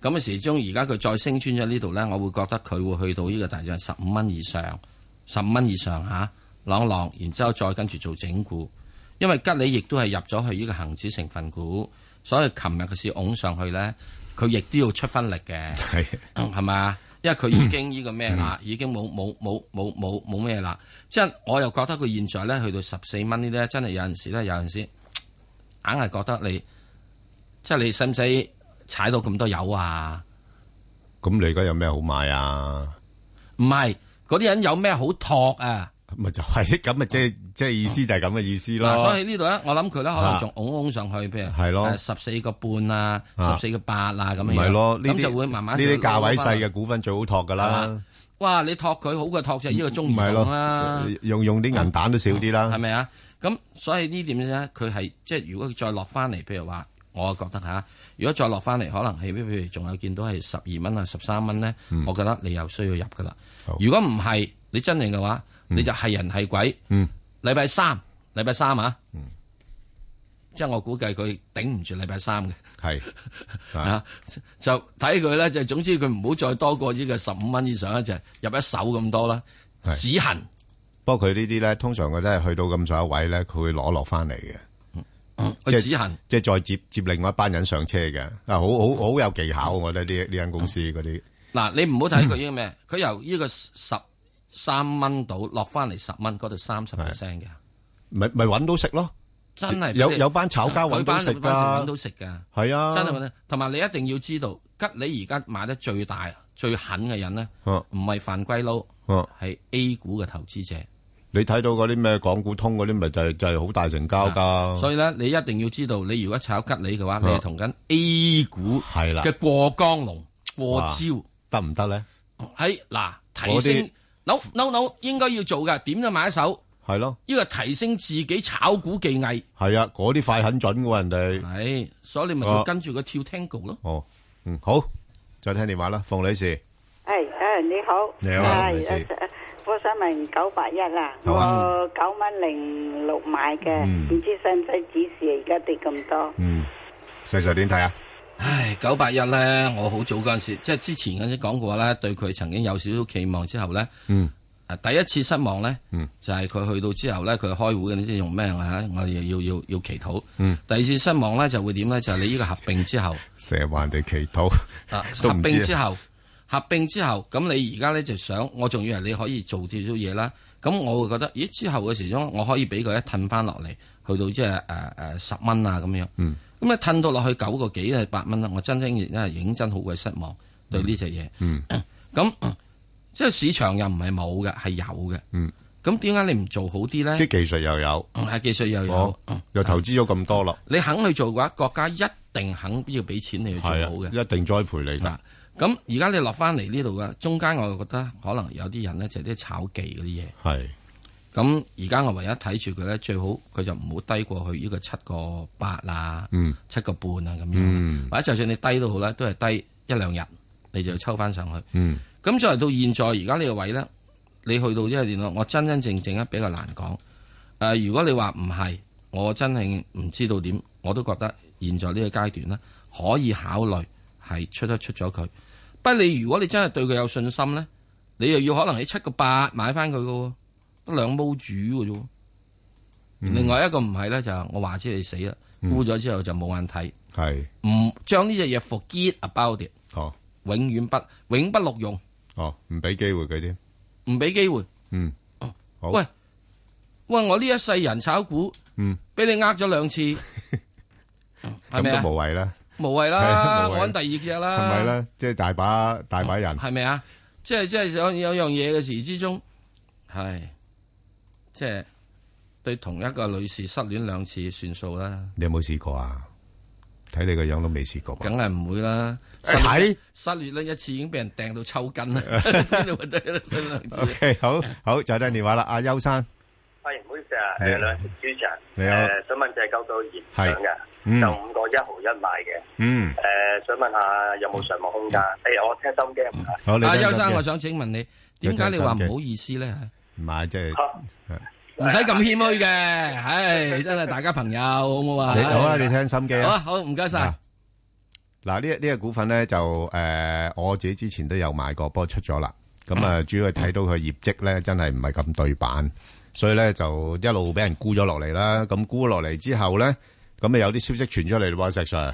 咁始終而家佢再升穿咗呢度咧，我會覺得佢會去到呢個大約十五蚊以上，十五蚊以上吓，朗、啊、朗，然之後再跟住做整固。因為吉利亦都係入咗去呢個恒指成分股，所以琴日嘅市拱上去咧，佢亦都要出分力嘅，係係嘛。 因為佢已經呢個咩啦，嗯、已經冇冇冇冇冇冇咩啦，即係、嗯就是、我又覺得佢現在咧去到十四蚊呢啲，真係有陣時咧有陣時，硬係覺得你，即係你使唔使踩到咁多油啊？咁、嗯、你而家有咩好買啊？唔係，嗰啲人有咩好托啊？咪就係咁，咪即係即係意思就係咁嘅意思咯。啊、所以呢度咧，我諗佢咧可能仲拱拱上去，譬如係咯，十四個半啊，十四個八啊咁樣。唔係咯，咁就會慢慢呢啲價位細嘅股份最好托噶啦、啊。哇，你托佢好過托就呢個中二股啦，用用啲銀彈都少啲啦。係咪啊？咁、啊啊、所以點呢點咧，佢係即係如果再落翻嚟，譬如話，我啊覺得吓，如果再落翻嚟，可能係譬如仲有見到係十二蚊啊，十三蚊咧，嗯、我覺得你又需要入噶啦。好如果唔係，你真定嘅話。你就係人係鬼，禮拜三禮拜三啊，即係我估計佢頂唔住禮拜三嘅，係啊，就睇佢咧，就總之佢唔好再多過呢個十五蚊以上一隻，就入一手咁多啦。止痕，不過佢呢啲咧，通常佢都係去到咁上下位咧，佢會攞落翻嚟嘅。佢止痕，即係再接接另外一班人上車嘅，啊好好好有技巧，我覺得呢呢間公司嗰啲。嗱，你唔好睇佢呢個咩，佢由呢個十。三蚊到落翻嚟十蚊，嗰度三十 percent 嘅，咪咪搵到食咯，真係有有班炒家搵到食噶，搵到食噶，係啊，真係，同埋你一定要知道吉利而家買得最大最狠嘅人咧，唔係犯規佬，係 A 股嘅投資者。你睇到嗰啲咩港股通嗰啲咪就係就係好大成交噶。所以咧，你一定要知道，你如果炒吉利嘅話，你係同緊 A 股嘅過江龍過招，得唔得咧？喺嗱睇先。扭扭扭應該要做嘅，點都買一手，係咯，呢個提升自己炒股技藝，係啊，嗰啲快很準嘅喎人哋，係，所以你咪要跟住個跳 tango 咯，哦，嗯好，再聽電話啦，馮女士，係，誒你好，你好，女士，我想問九八一啊，我九蚊零六買嘅，唔知使唔使指示而家跌咁多，嗯，石 Sir 點睇啊？唉，九八一咧，我好早嗰陣時，即係之前嗰陣時講過咧，對佢曾經有少少期望之後咧，嗯，啊第一次失望咧，嗯，就係佢去到之後咧，佢開會嘅你知唔知用咩啊？我又要要要，要祈禱，嗯，第二次失望咧就會點咧？就係你呢個合併之後，成日話人哋祈禱，啊，合併之後，合併之後，咁你而家咧就想，我仲以為你可以做少少嘢啦，咁我會覺得，咦之後嘅時鐘，我可以俾佢一褪翻落嚟，去到即係誒誒十蚊啊咁樣，嗯。咁啊，褪到落去九個幾係八蚊啦！我真正真係認真好鬼失望對呢隻嘢。嗯，咁、嗯、那即係市場又唔係冇嘅，係有嘅。嗯，咁點解你唔做好啲咧？啲技術又有，係、嗯、技術又有、哦，又投資咗咁多咯。你肯去做嘅話，國家一定肯要俾錢你去做好嘅、啊，一定栽培你。嗱，咁而家你落翻嚟呢度嘅中間，我覺得可能有啲人咧就係啲炒技嗰啲嘢係。咁而家我唯一睇住佢咧，最好佢就唔好低過去呢個七個八啦、嗯，七個半啊咁樣，嗯、或者就算你低都好啦，都係低一兩日，你就要抽翻上去。咁、嗯、再嚟到現在，而家呢個位咧，你去到呢個點咯？我真真正正咧比較難講。誒、呃，如果你話唔係，我真係唔知道點，我都覺得現在呢個階段咧可以考慮係出得出咗佢。不過你如果你真係對佢有信心咧，你又要可能喺七個八買翻佢噶。兩毛煮嘅啫，另外一個唔係咧就我話知你死啦，污咗之後就冇眼睇，係唔將呢隻嘢 forget about it，哦，永遠不永不錄用，哦，唔俾機會佢添，唔俾機會，嗯，哦，好，喂，喂，我呢一世人炒股，嗯，俾你呃咗兩次，係咪啊？無謂啦，無謂啦，我揾第二隻啦，係咪咧？即係大把大把人，係咪啊？即係即係有有樣嘢嘅時之中，係。即係對同一個女士失戀兩次算數啦。你有冇試過啊？睇你個樣都未試過。梗係唔會啦。睇失戀咧一次已經俾人掟到抽筋啦。O K，好，好，就聽電話啦。阿邱生，喂，唔好意思啊，係啦，主持人，你好。想問就係九九二聯想嘅，有五個一毫一買嘅。嗯。誒，想問下有冇上網空間？哎呀，我聽收音機。好，阿邱生，我想請問你，點解你話唔好意思咧？唔係，即係。唔使咁謙虛嘅，唉，哎、 真係大家朋友好唔好啊？好啊，你，好哎、你聽心機啊。好，唔該晒嗱。呢一呢個股份咧就誒、呃，我自己之前都有買過，波出咗啦。咁、嗯、啊、嗯、主要係睇到佢業績咧，真係唔係咁對版，所以咧就一路俾人沽咗落嚟啦。咁沽落嚟之後咧，咁啊有啲消息傳出嚟，石 Sir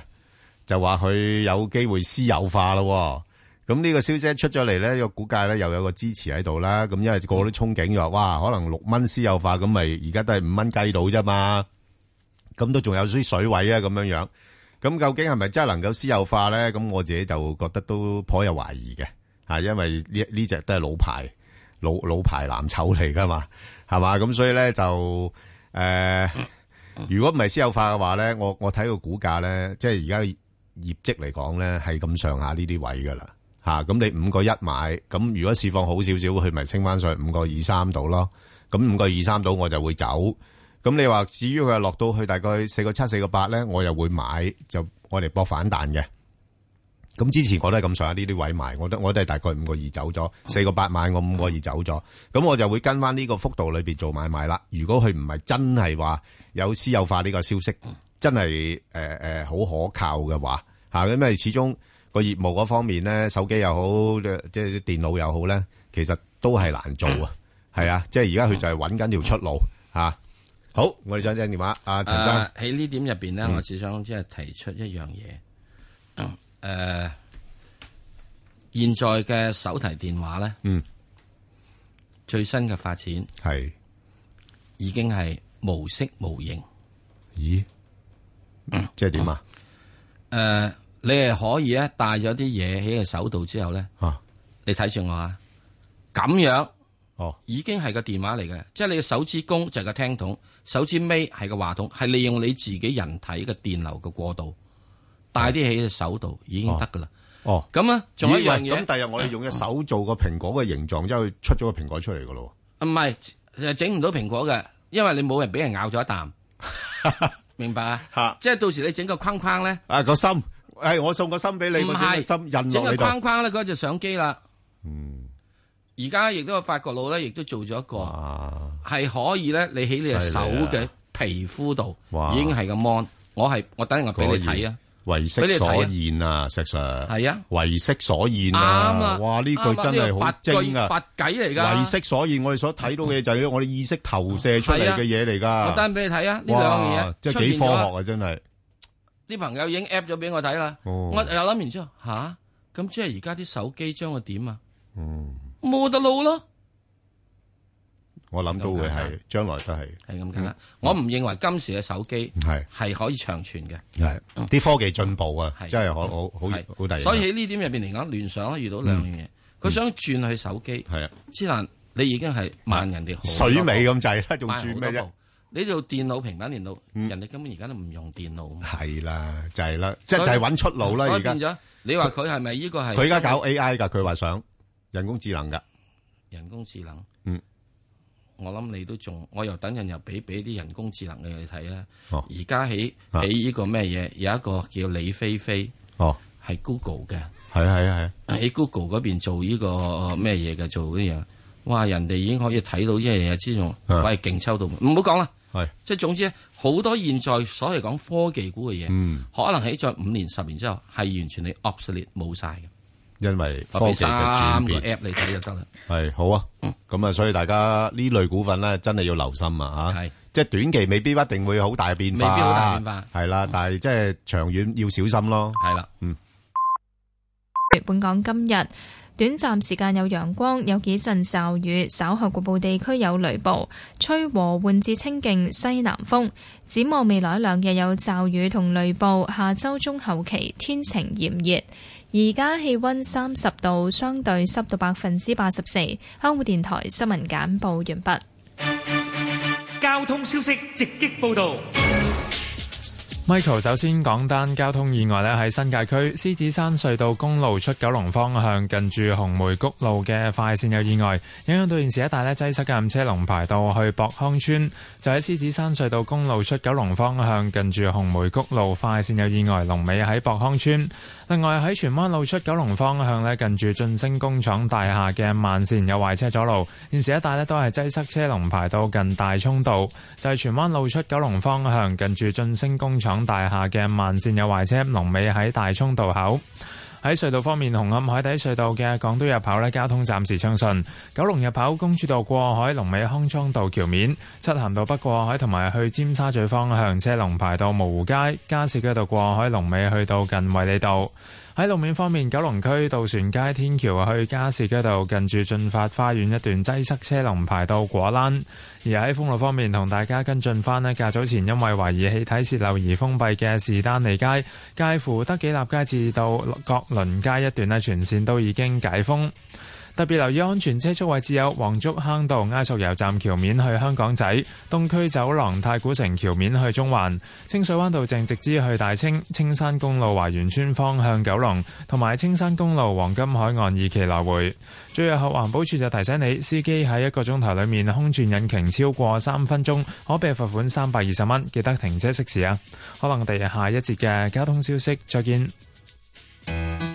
就話佢有機會私有化咯。咁呢個消息出咗嚟咧，個股價咧又有一個支持喺度啦。咁因為個啲憧憬又話，哇，可能六蚊私有化，咁咪而家都係五蚊雞到啫嘛。咁都仲有啲水位啊，咁樣樣。咁究竟係咪真係能夠私有化咧？咁我自己就覺得都頗有懷疑嘅吓，因為呢呢隻都係老牌老老牌藍籌嚟噶嘛，係嘛。咁所以咧就誒，呃嗯嗯、如果唔係私有化嘅話咧，我我睇個股價咧，即係而家業績嚟講咧係咁上下呢啲位噶啦。嚇！咁你五個一買，咁如果市況好少少，佢咪升翻上五個二三度咯？咁五個二三度我就會走。咁你話至於佢落到去大概四個七、四個八咧，我又會買，就我哋博反彈嘅。咁之前我都係咁上下，呢啲位賣，我都我都係大概五個二走咗，四個八買，我五個二走咗。咁我就會跟翻呢個幅度裏邊做買賣啦。如果佢唔係真係話有私有化呢個消息，真係誒誒好可靠嘅話，嚇咁咪始終。個業務嗰方面咧，手機又好，即係電腦又好咧，其實都係難做啊。係啊、嗯，即係而家佢就係揾緊條出路、嗯、啊。好，我哋上隻電話，阿、啊、陳生喺呢、呃、點入邊咧，嗯、我只想即係提出一樣嘢。誒、嗯呃，現在嘅手提電話咧，嗯，最新嘅發展係的已經係無色無形。咦？嗯、即係點啊？誒、嗯。呃呃你係可以咧帶咗啲嘢喺個手度之後咧，你睇住我啊，咁樣哦，已經係個電話嚟嘅，即係你嘅手指公就係個聽筒，手指尾係個話筒，係利用你自己人體嘅電流嘅過渡，帶啲喺個手度已經得噶啦。哦，咁啊，仲有一樣嘢，咁第日我哋用個手做個蘋果嘅形狀，之後出咗個蘋果出嚟噶咯。啊，唔係，誒，整唔到蘋果嘅，因為你冇人俾人咬咗一啖，明白啊？吓，即係到時你整個框框咧，啊，個心。誒，我送個心俾你，唔係心印落嚟。框框咧，嗰隻相機啦。嗯，而家亦都有個法國佬咧，亦都做咗一個，係可以咧，你喺你手嘅皮膚度，已經係咁按。我係我等陣我俾你睇啊，為色所現啊，石 Sir。係啊，為色所現啊。啱哇，呢句真係好精啊，法偈嚟噶。為色所現，我哋所睇到嘅就係我哋意識投射出嚟嘅嘢嚟噶。我等陣俾你睇啊，呢兩樣嘢出現咗啊，即係幾科學啊，真係。啲朋友已經 app 咗俾我睇啦，我又諗完之後，吓，咁即係而家啲手機將會點啊？冇得路咯。我諗都會係將來都係係咁噶，我唔認為今時嘅手機係係可以長存嘅，係啲科技進步啊，真係好好好大。所以喺呢點入邊嚟講，聯想可以遇到兩樣嘢，佢想轉去手機，係之但你已經係萬人哋水尾咁滯啦，仲轉咩啫？你做電腦、平板、電腦，人哋根本而家都唔用電腦。係啦，就係啦，即係就係揾出路啦。而家變咗你話佢係咪呢個係？佢而家搞 AI 噶佢話想人工智能噶。人工智能，嗯，我諗你都仲，我又等人又俾俾啲人工智能嘅嘢睇啦。哦，而家喺喺呢個咩嘢？有一個叫李飛飛，哦，係 Google 嘅，係啊係啊係啊，喺 Google 嗰邊做呢個咩嘢嘅？做呢樣。哇！人哋已經可以睇到呢樣嘢之中，喂！勁抽到，唔好講啦。係，即係總之，好多現在所謂講科技股嘅嘢，嗯，可能喺再五年、十年之後係完全你 obsolete 冇曬嘅。因為科技嘅轉變。三個 app 你睇就得啦。係好啊。嗯。咁啊，所以大家呢類股份咧，真係要留心啊嚇。係。即係短期未必一定會好大變化。未必好大變化。係啦，但係即係長遠要小心咯。係啦。嗯。本港今日。短暫時間有陽光，有幾陣驟雨，稍後局部地區有雷暴，吹和緩至清勁西南風。展望未來兩日有驟雨同雷暴，下周中後期天晴炎熱。而家氣温三十度，相對濕度百分之八十四。香港電台新聞簡報完畢。交通消息直擊報道。Michael 首先講單交通意外呢，喺新界區獅子山隧道公路出九龍方向，近住紅梅谷路嘅快線有意外，影響到現時一帶呢，擠塞嘅車龍排到去博康村。就喺獅子山隧道公路出九龍方向，近住紅梅谷路快線有意外，龍尾喺博康村。另外喺荃灣路出九龍方向呢，近住晉升工廠大廈嘅慢線有壞車阻路，現時一帶呢都係擠塞車龍排到近大涌道，就係荃灣路出九龍方向近住晉升工廠大廈嘅慢線有壞車，龍尾喺大涌道口。喺隧道方面，紅磡海底隧道嘅港島入口咧，交通暫時暢順；九龍入口，公主道過海、龍尾康莊道橋面、漆咸道北過海，同埋去尖沙咀方向車龍排到蕪湖街、加士居道過海龍尾去到近衛理道。喺路面方面，九龍區渡船街天橋去加士居道近住進發花園一段擠塞，車龍排到果欄。而喺封路方面，同大家跟進翻呢較早前因為懷疑氣體泄漏而封閉嘅士丹利街介乎德己立街至到閣麟街一段呢全線都已經解封。特別留意安全車速位置有黃竹坑道埃索油站橋面去香港仔、東區走廊、太古城橋面去中環、清水灣道正直至去大清、青山公路華園村方向九龍、同埋青山公路黃金海岸二期來回。最後，環保署就提醒你，司機喺一個鐘頭裏面空轉引擎超過三分鐘，可被罰款三百二十蚊。記得停車熄匙啊！可能第日下一節嘅交通消息，再見。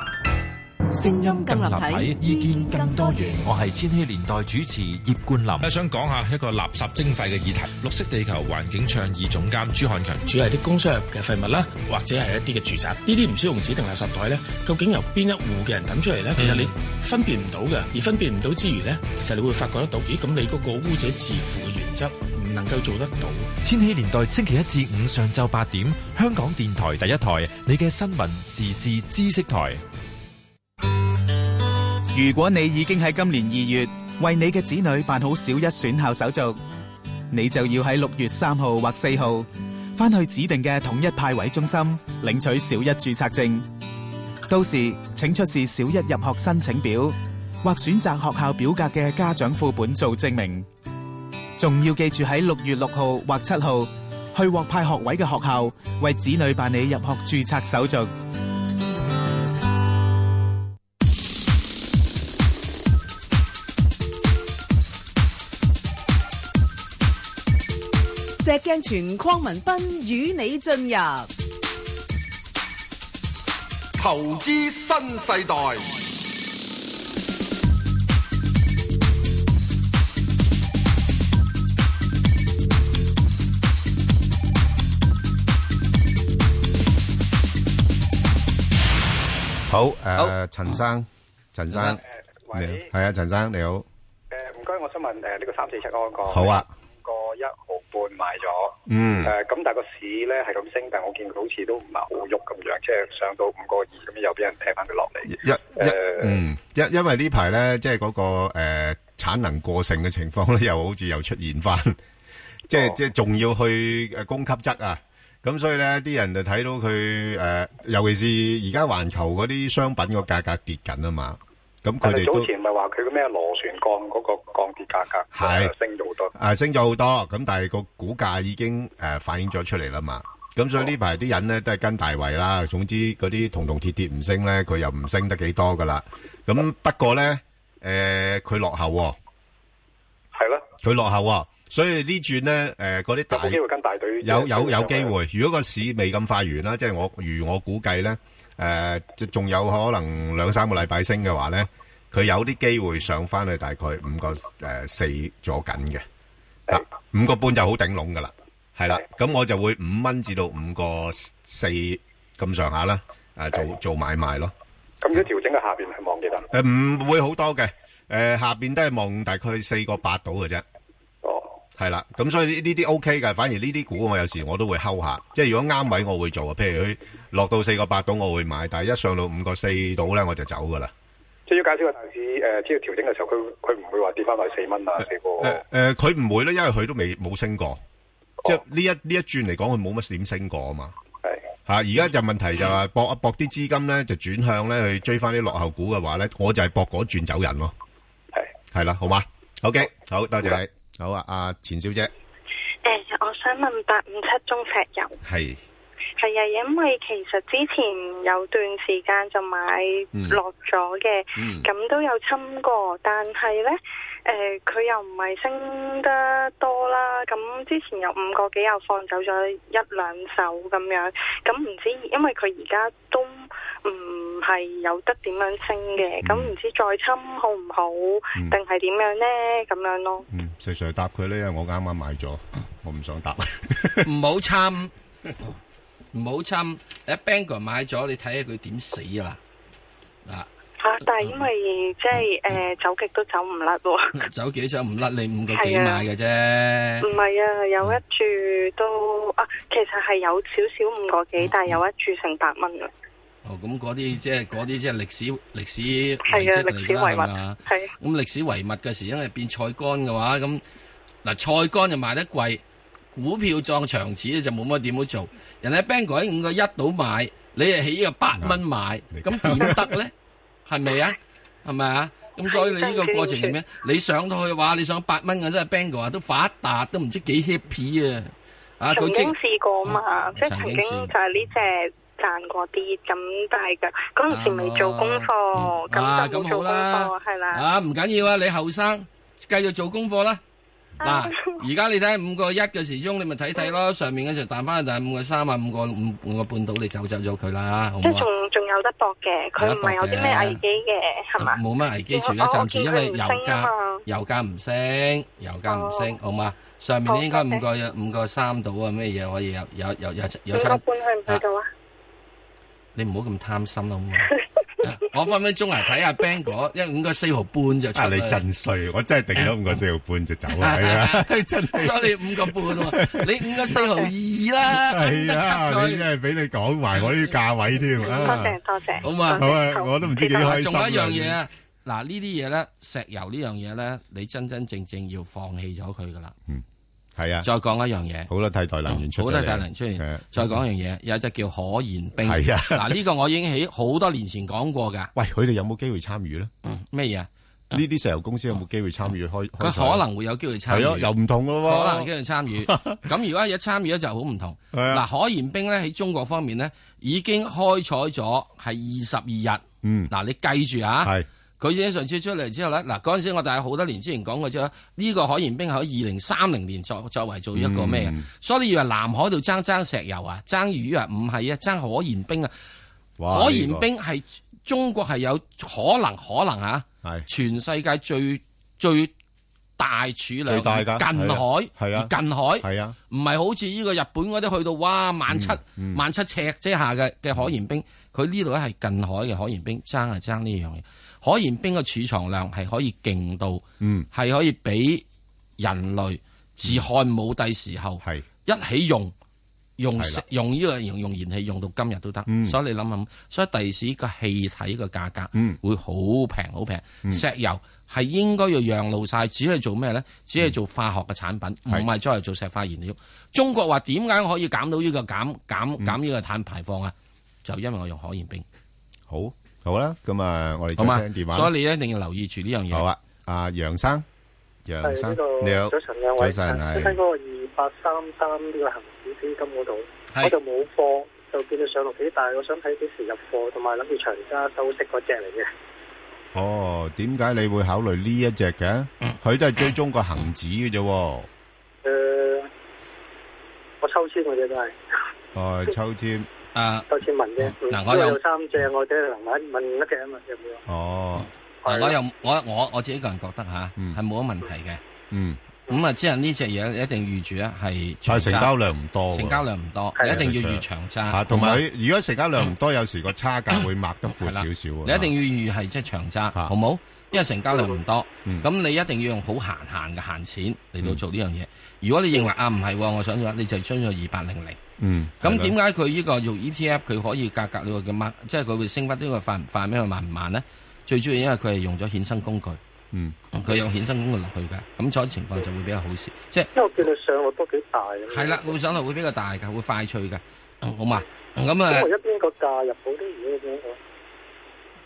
聲音更立體，意見更多元。 我係千禧年代主持葉冠林。都 想講一下一個垃圾徵費嘅議題。綠色地球環境倡議總監朱漢強，處理啲工商業嘅廢物啦，或者係一啲嘅住宅，呢啲唔使用指定垃圾袋咧，究竟由邊一戶嘅人抌出嚟咧？ 其實你分辨唔到嘅，而分辨唔到之餘咧，其實你會發覺得到，咦？咁你嗰個污者自付嘅原則唔能夠做得到。千禧年代星期一至五上晝八點，香港電台第一台，你嘅新聞時事，事知識台。如果你已經喺今年二月為你嘅子女辦好小一選校手續，你就要喺六月三號或四號翻去指定嘅統一派位中心領取小一注冊證。到時請出示小一入學申請表或選擇學校表格嘅家長副本做證明。仲要記住喺六月六號或七號去獲派學位嘅學校為子女辦理入學注冊手續。石鏡泉、鄺民彬與你進入投資新世代。好誒，陳、呃、好生，陳生、嗯，係、呃、啊，陳生你好。誒、啊，唔該，呃、我想問誒，呢、呃這個三四七嗰個好啊，個一。半賣咗，誒咁但係個市咧係咁升，但係我見佢好似都唔係好喐咁樣，即係上到五個二咁，又俾人踢翻佢落嚟。一誒嗯，因因為呢排咧，即係嗰個誒產能過剩嘅情況咧，又好似又出現翻，即係即係仲要去誒供給側啊。咁所以咧，啲人就睇到佢誒，尤其是而家環球嗰啲商品個價格跌緊啊嘛。咁佢哋都早前咪係話佢個咩螺旋鋼，嗰個鋼鐵價格係是升咗好多，誒、啊、升咗好多，咁但係個股價已經誒、呃、反映咗出嚟啦嘛，咁所以呢排啲人咧都係跟大圍啦，總之嗰啲銅銅鐵鐵唔升咧，佢又唔升得幾多噶啦，咁不過咧誒佢落後、哦，係咯的，佢落後、哦，所以呢轉咧誒嗰啲大機會跟大隊，有有有機會，的如果個市未咁快完啦，即、就、係、是、我如我估計咧。誒，即係仲有可能兩三個禮拜升嘅話咧，佢有啲機會上翻去大概五個誒四咗緊嘅，吓五個半就好頂籠噶啦，係啦，咁我就會五蚊至到五個四咁上下啦，誒做做買賣咯。咁啲調整嘅下邊係望幾多？誒唔會好多嘅，誒下邊都係望大概四個八到嘅啫。係啦，咁所以呢啲 OK 嘅，反而呢啲股我有時我都會 hold 下，即係如果啱位我會做啊。譬如佢落到四個八到我會買，但係一上到五個四到咧我就走噶啦。即係要介紹個大市誒，只要調整嘅時候，佢佢唔會話跌翻落去四蚊啊，四個誒誒，佢唔會咧，因為佢都未冇升過，即係呢一呢一轉嚟講，佢冇乜點升過啊嘛。係吓，而家就問題就係搏一搏啲資金咧，就轉向咧去追翻啲落後股嘅話咧，我就係搏嗰轉走人咯。係係啦，好嗎？OK，好多謝你。好啊，阿錢小姐，誒、呃，我想問八五七中石油係係啊，因為其實之前有段時間就買落咗嘅，咁、嗯、都有侵過，但係呢，誒、呃，佢又唔係升得多啦，咁之前有五個幾又放走咗一兩手咁樣，咁唔知因為佢而家都。唔係、嗯、有得點樣升嘅，咁唔知再參好唔好，定係點樣呢？咁樣咯。嗯、Sir Sir 答佢呢。因為我啱啱買咗，啊、我唔想答。唔好參，唔好參。阿 Bangor 買咗，你睇下佢點死啊！嗱，啊，啊但係因為、啊、即係誒、呃，走極都走唔甩喎。走極都走唔甩，你五個幾買嘅啫。唔係啊，啊，有一注都啊，其實係有少少五個幾，但係有一注成百蚊嘅。哦，咁嗰啲即係嗰啲即係歷史歷史遺跡嚟啦，係嘛？係。咁歷史遺物嘅時，因為變菜乾嘅話，咁嗱菜乾就賣得貴。股票撞牆市咧，就冇乜點樣做。人哋 Bengal 喺五個一度買，你係起呢個八蚊買，咁點得咧？係咪啊？係咪啊？咁所以你呢個過程係咩？你上到去嘅話，你上八蚊嘅啫，Bengal 啊，都發達都唔知幾 happy 啊！啊，曾經試過嘛，即係曾經就係呢隻。賺嗰啲咁都係噶，嗰陣時未做功課，咁就做功課係啦。啊，唔緊要啊，你後生，繼續做功課啦。嗱，而家你睇五個一嘅時鐘，你咪睇睇咯。上面嗰時彈翻就係五個三啊，五個五五個半到，你走走咗佢啦，吓好唔好？仲仲有得搏嘅，佢唔係有啲咩危機嘅，係嘛？冇咩危機，住一陣住，因為油價，油價唔升，油價唔升，好嘛？上面應該五個五五個三到啊，咩嘢可以有有有有有七個半去唔去到啊？你唔好咁貪心咯，我分分鐘嚟睇下 bang 哥，因為五個四毫半就。啊！出你真衰。我真係定咗五個四毫半就走啦，啊、 真係的。多你五個半喎，你五個四毫二啦，係啊，真係俾你講埋我啲價位添啊！多謝多謝，好啊好啊，我都唔知幾開心。仲有一樣嘢啊，嗱，呢啲嘢咧，石油呢樣嘢咧，你真真正正要放棄咗佢噶啦。嗯係啊，再講一樣嘢。好啦，替代能源出嚟，好多能源出現。再講一樣嘢，有一隻叫可燃冰。係啊，嗱呢個我已經喺好多年前講過噶。喂，佢哋有冇機會參與咧？咩嘢啊？呢啲石油公司有冇機會參與開？佢可能會有機會參與。又唔同咯。可能會參與。咁如果一參與咧就好唔同。嗱，可燃冰咧喺中國方面咧已經開採咗係二十二日。嗯。嗱，你記住啊。係。佢上次出嚟之後呢，嗱嗰陣時我哋喺好多年之前講過咗呢個可燃冰喺二零三零年作作為做一個咩啊？所以你以為南海度爭爭石油啊、爭魚啊？唔係啊，爭可燃冰啊！可燃冰係中國係有可能可能嚇，係全世界最最大儲量，近海，而近海唔係好似呢個日本嗰啲去到哇萬七萬七尺之下嘅嘅可燃冰，佢呢度咧係近海嘅可燃冰，爭係爭呢樣嘢。可燃冰嘅儲藏量係可以勁到，係、嗯、可以俾人類自漢武帝時候、嗯、一起用用的用呢、這個用用燃氣用到今日都得、嗯，所以你諗諗，所以第時個氣體嘅價格會好平好平，石油係應該要讓路晒，只係做咩咧？只係做化學嘅產品，唔係再係做石化燃料。的中國話點解可以減到呢個減減減呢個碳排放啊？就因為我用可燃冰。好。好好啦，咁啊，我哋接聽電話，所以你一定要留意住呢樣嘢。好啊，阿、啊、楊生，楊生，這個、你好，早晨，兩位，最新嗰個二八三三呢個恒指基金嗰度，我，是我就冇貨，就變到上落幾大。我想睇幾時入貨，同埋諗住長揸收息，嗰隻嚟嘅。哦，點解你會考慮呢一隻嘅？佢、嗯、都係追蹤個恒指嘅啫。誒、呃，我抽籤嗰隻，都係。 哦，抽籤。誒，有次問啫，嗱，我有三隻，我只能夠問問一隻啊嘛，有冇？哦，我又我我我自己個人覺得吓，係冇乜問題嘅。嗯，咁啊，即係呢隻嘢，一定預住啊，係，成交量唔多，成交量唔多，一定要預長揸。同埋如果成交量唔多，有時個差價會擘得闊少少，你一定要預係即係長揸，好冇？因為成交量唔多，咁你一定要用好閒閒嘅閒錢嚟到做呢樣嘢。如果你認為啊唔係，我想要，你就追咗二八零零。嗯，咁點解佢呢個用 ETF 佢可以價格呢個咁慢，即係佢會升翻啲嘅快快咩慢唔慢咧？最主要因為佢係用咗衍生工具，嗯，佢用衍生工具落去嘅，咁所以情況就會比較好啲，即係。因為佢上落都幾大。係啦，嗯，會上落會比較大嘅，會快脆嘅，好嘛？咁啊。一邊個價入到啲嘢嘅。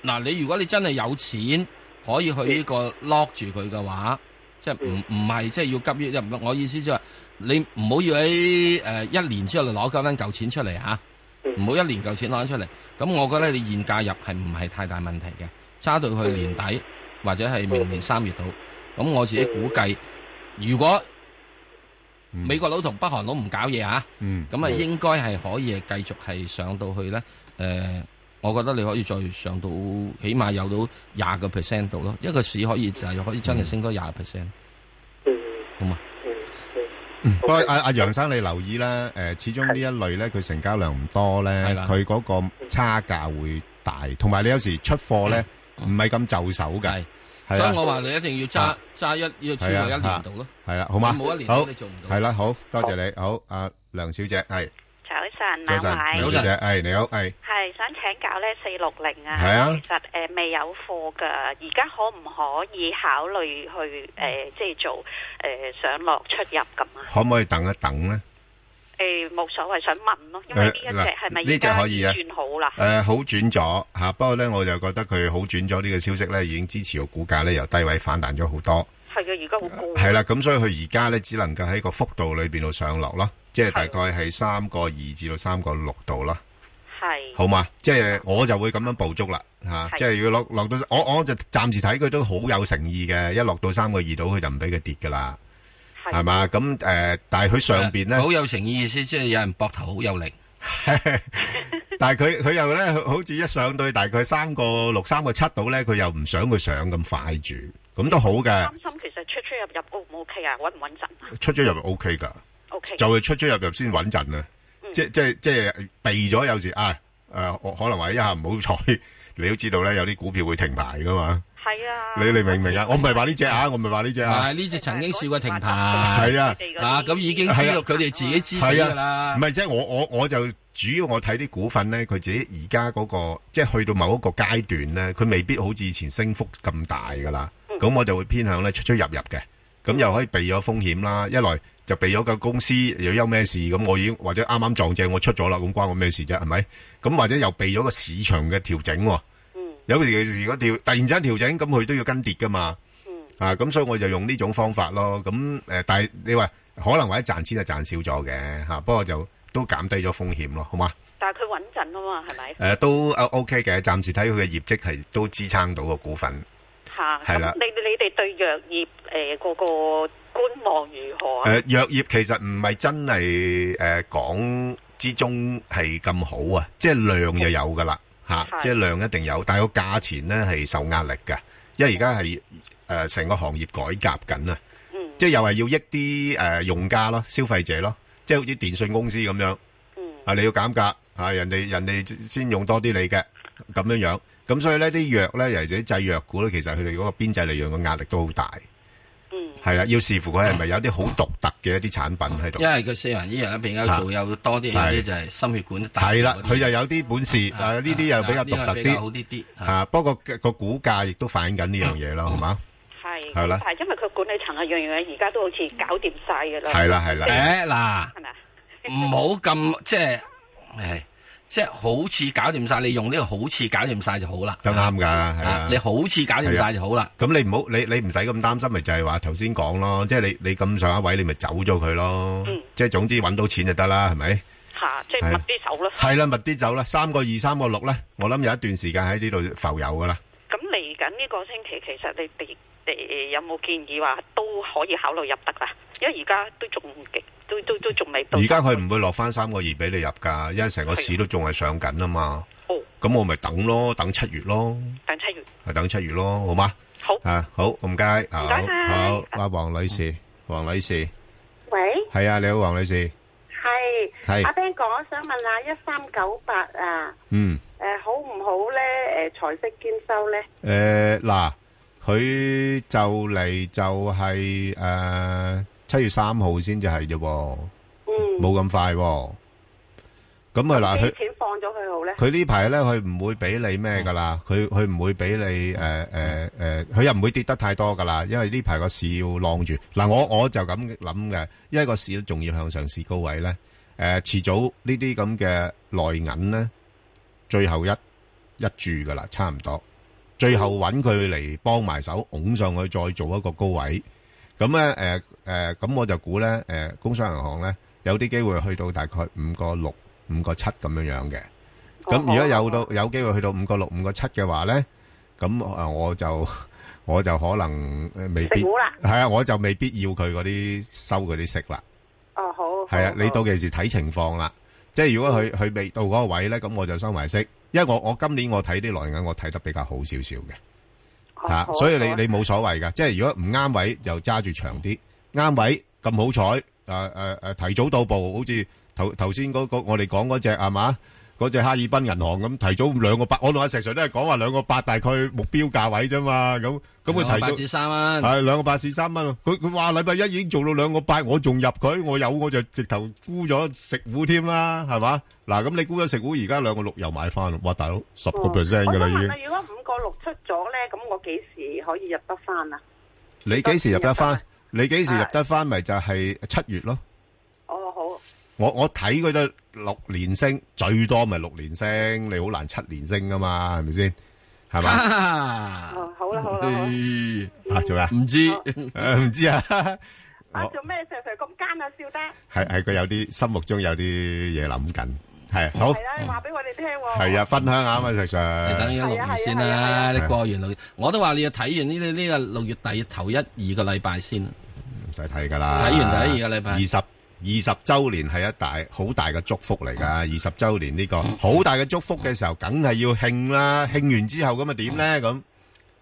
嗱，你如果你真係有錢，可以去呢個 lock 住佢嘅話，即係唔唔係即係要急於入，我意思就係、是。你唔好要喺誒、呃、一年之後就攞夠翻舊錢出嚟吓，唔、啊、好、嗯、一年舊錢攞出嚟。咁我覺得你現價入係唔係太大問題嘅，揸到去年底、嗯、或者係明年三月度。咁我自己估計，如果、嗯、美國佬同北韓佬唔搞嘢吓，咁啊、嗯、應該係可以係繼續係上到去咧。誒、呃，我覺得你可以再上到起碼有到廿個 percent 度咯，一個市可以就可以真係升多廿 percent。嗯、好嘛。不過阿阿楊生，你留意啦，誒，始終呢一類咧，佢成交量唔多咧，佢嗰個差價會大，同埋你有時出貨咧，唔係咁就手嘅。所以我話你一定要揸揸一要持有一年度咯，係啦，好嘛？冇一年你做唔到。係啦，好多謝你，好，阿梁小姐係。早晨，你好，係想請教咧四六零啊，其實誒未有貨噶，而家可唔可以考慮去誒即係做誒上落出入咁啊？可唔可以等一等咧？誒，冇所謂，想問咯，因為呢一隻係咪而家轉好啦？誒，好轉咗吓，不過咧我就覺得佢好轉咗呢個消息咧，已經支持個股價咧由低位反彈咗好多。係嘅，而家好高。係啦，咁所以佢而家咧只能夠喺個幅度裏邊度上落咯。即係大概係三個二至到三個六度啦，係好嘛？即係我就會咁樣捕捉啦，吓！即係要落落到，我我就暫時睇佢都好有誠意嘅。一落到三個二度，佢就唔俾佢跌噶啦，係嘛？咁誒，但係佢上邊咧，好有誠意意思，即係有人膊頭好有力。但係佢佢又咧，好似一上到大概三個六、三個七度咧，佢又唔想佢上咁快住，咁都好嘅。擔心其實出出入入 O 唔 O K 啊？穩唔穩陣啊？出出入入 O K 噶。Okay. 就會出出入入先穩陣啊！Mm. 即即即避咗有時啊誒、哎呃，我可能話一下唔好彩，你都知道咧有啲股票會停牌噶嘛。係啊，你你明唔明啊？Yeah. 我唔係話呢隻啊，我唔係話呢隻啊，呢隻曾經試過停牌。係、嗯、啊，嗱、啊，咁已經知道佢哋自己知噶啦。唔係即係我我我就主要我睇啲股份咧，佢自己而家嗰個即係、就是、去到某一個階段咧，佢未必好似以前升幅咁大噶啦。咁、mm. 我就會偏向咧出出入入嘅。咁、嗯、又可以避咗風險啦，一來就避咗個公司又有咩事，咁我已經或者啱啱撞正我出咗啦，咁關我咩事啫？係咪？咁或者又避咗個市場嘅調整喎，哦。嗯，有時如果調突然之間調整，咁佢都要跟跌噶嘛。嗯，啊，咁所以我就用呢種方法咯。咁、啊、誒，但係你話可能或者賺錢就賺少咗嘅嚇，不、啊、過就都減低咗風險咯，好嘛？但係佢穩陣啊嘛，係咪？誒、呃，都 OK 嘅，暫時睇佢嘅業績係都支撐到個股份。係啦，你你哋對藥業誒嗰個觀望如何啊？誒，藥業其實唔係真係誒講之中係咁好啊，即係量就有噶啦，吓，即係量一定有，但係個價錢咧係受壓力噶，因為而家係誒成個行業改革緊啊，即係又係要益啲誒用家咯，消費者咯，即係好似電信公司咁樣，啊，你要減價啊，人哋人哋先用多啲你嘅咁樣樣。咁所以咧，啲藥咧，尤其是啲製藥股咧，其實佢哋嗰個邊際利潤嘅壓力都好大。嗯，係啦，要視乎佢係咪有啲好獨特嘅一啲產品喺度。因為佢四環醫藥咧，而家做又多啲嘢，就係心血管。係啦，佢又有啲本事。啊，呢啲又比較獨特啲。好啲啲。啊，不過個股價亦都反映緊呢樣嘢咯，係嘛？係。係啦。係因為佢管理層啊樣樣而家都好似搞掂晒噶啦。係啦係啦。誒嗱。係嘛？唔好咁即係。係。即係好似搞掂晒，你用呢個好似搞掂晒就好啦。都啱噶，係啊，啊你好似搞掂晒、啊、就好啦。咁你唔好，你你唔使咁擔心，咪就係話頭先講咯。即係你你咁上一位，你咪走咗佢咯。嗯、即係總之揾到錢就得啦，係咪？吓、啊，即係密啲走咯。係啦，密啲走啦，三個二，三個六咧。我諗有一段時間喺呢度浮游噶啦。咁嚟緊呢個星期，其實你哋哋有冇建議話都可以考慮入得啦？因為而家都仲唔急。都都都仲未到。而家佢唔會落翻三個二俾你入噶，因為成個市都仲係上緊啊嘛。哦，咁我咪等咯，等七月咯。等七月。係等七月咯，好嗎？好啊，好唔該啊，好阿黃女士，黃女士。喂。係啊，你好黃女士。係係。阿 Ben 講我想問下一三九八啊。嗯。誒，好唔好咧？誒，財色兼收咧？誒，嗱，佢就嚟就係誒。七月三號先至係啫，嗯，冇咁快。咁啊嗱，佢錢放咗佢好咧？佢呢排咧，佢唔會俾你咩噶啦，佢佢唔會俾你誒誒誒，佢又唔會跌得太多噶啦，因為呢排個市要浪住。嗱，我我就咁諗嘅，因為個市都仲要向上市高位咧。誒，遲早呢啲咁嘅內銀咧，最後一一注噶啦，差唔多，最後揾佢嚟幫埋手，拱上去再做一個高位。咁咧，誒。誒，咁我就估咧，誒，工商銀行咧有啲機會去到大概五個六、五個七咁樣樣嘅。咁如果有到有機會去到五個六、五個七嘅話咧，咁啊，我就我就可能未必係啊，我就未必要佢嗰啲收嗰啲息啦。哦，好係啊，你到其時睇情況啦。即係如果佢佢未到嗰個位咧，咁我就收埋息。因為我我今年我睇啲內銀，我睇得比較好少少嘅。吓，所以你你冇所謂噶。即係如果唔啱位，就揸住長啲。啱位，咁好彩，誒誒誒，提早到步，好似頭頭先嗰個我哋講嗰隻係嘛，嗰隻哈爾濱銀行咁提早兩個八。我同阿石 sir 都係講話兩個八大概目標價位啫嘛。咁咁佢提咗三蚊，係兩個八至三蚊。佢佢話禮拜一已經做到兩個八，我仲入佢，我有我就直頭沽咗食糊添啦，係嘛嗱。咁你沽咗食糊而家兩個六又買翻啦。哇，大佬十個 percent 㗎啦，已經。我問你，如果五個六出咗咧，咁我幾時可以入得翻啊？你幾時入得翻？你幾時入得返咪就係七月咯。哦，好。我我睇佢都六年升，最多咪六年升，你好難七年升㗎嘛，係咪先？係嘛？好啦好啦，啊，做咩？唔知唔知啊。啊做咩？Sir Sir 咁奸啊，笑得。係係佢有啲心目中有啲嘢諗緊，係好。係啊，話俾我哋聽喎。係啊，分享下啊 Sir Sir，等緊六月先啦。你過完六月，我都話你要睇完呢個呢個六月第二頭一二個禮拜先。使睇噶啦，睇完第二個禮拜。二十二十周年係一大好大嘅祝福嚟噶，二十周年呢個好大嘅祝福嘅時候，梗係要慶啦。慶完之後咁咪點咧？咁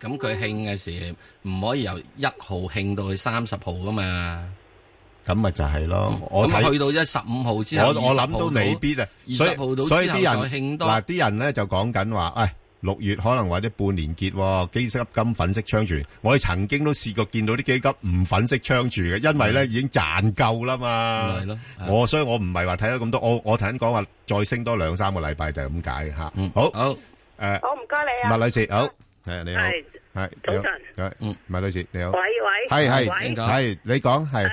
咁佢慶嘅時唔可以由一號慶到去三十號噶嘛？咁咪就係咯。我咁去到即係十五號之後，我我諗都未必啊。二十號到之後就慶多嗱，啲人咧就講緊話誒。六月可能或者半年結基金粉飾櫥窗，我哋曾經都試過見到啲基金唔粉飾櫥窗嘅，因為咧已經賺夠啦嘛。係咯，我所以我唔係話睇到咁多，我我頭先講話再升多兩三個禮拜就係咁解嚇。嗯，好，好，誒，我唔該你啊，麥女士，好，係你好，係早晨，嗯，麥女士你好，喂喂，係係係你講係。誒，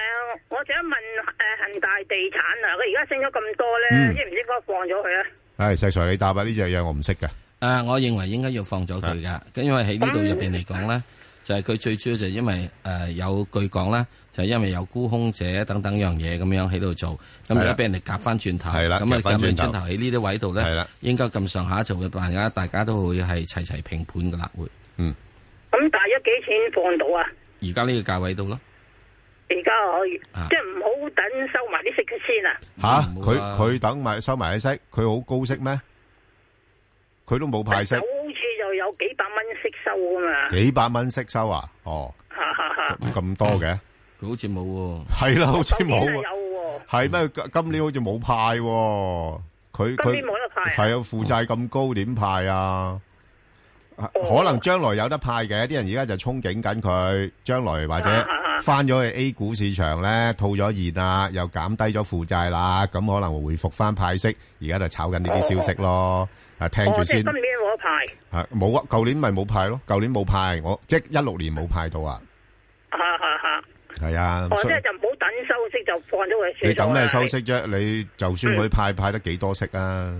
我想問誒恒大地產嗱，佢而家升咗咁多咧，應唔應該放咗佢咧？係石生你答啊，呢樣嘢我唔識㗎。啊，我認為應該要放咗佢噶。咁因為喺呢度入邊嚟講咧，就係佢最主要就因為誒有句講啦，就係因為有沽空者等等樣嘢咁樣喺度做，咁而家俾人哋夾翻轉頭，咁啊夾翻轉頭喺呢啲位度咧，應該咁上下做嘅，大家大家都會係齊齊平盤嘅啦會，嗯，咁大約幾錢放到啊？而家呢個價位度咯，而家可以，即係唔好等收埋啲息嘅先啊！吓，佢佢等埋收埋啲息，佢好高息咩？佢都冇派息，好似就有幾百蚊息收吖嘛？幾百蚊息收啊？哦，哈哈哈，咁多嘅？佢好似冇，係啦，好似冇，真係有喎。係咩？今年好似冇派，佢今年冇得派，係啊，負債咁高，點派啊？可能將來有得派嘅，啲人而家就憧憬緊佢將來或者翻咗去 A 股市場咧，套咗現啊，又減低咗負債啦，咁可能回復翻派息。而家就炒緊呢啲消息咯。啊！聽住先。我即係今年冇派。啊，冇啊！舊年咪冇派咯，舊年冇派，我即係一六年冇派到啊。係係係。係啊。我即係就唔好等收息就放咗佢。你等咩收息啫？你就算佢派派得幾多息啊？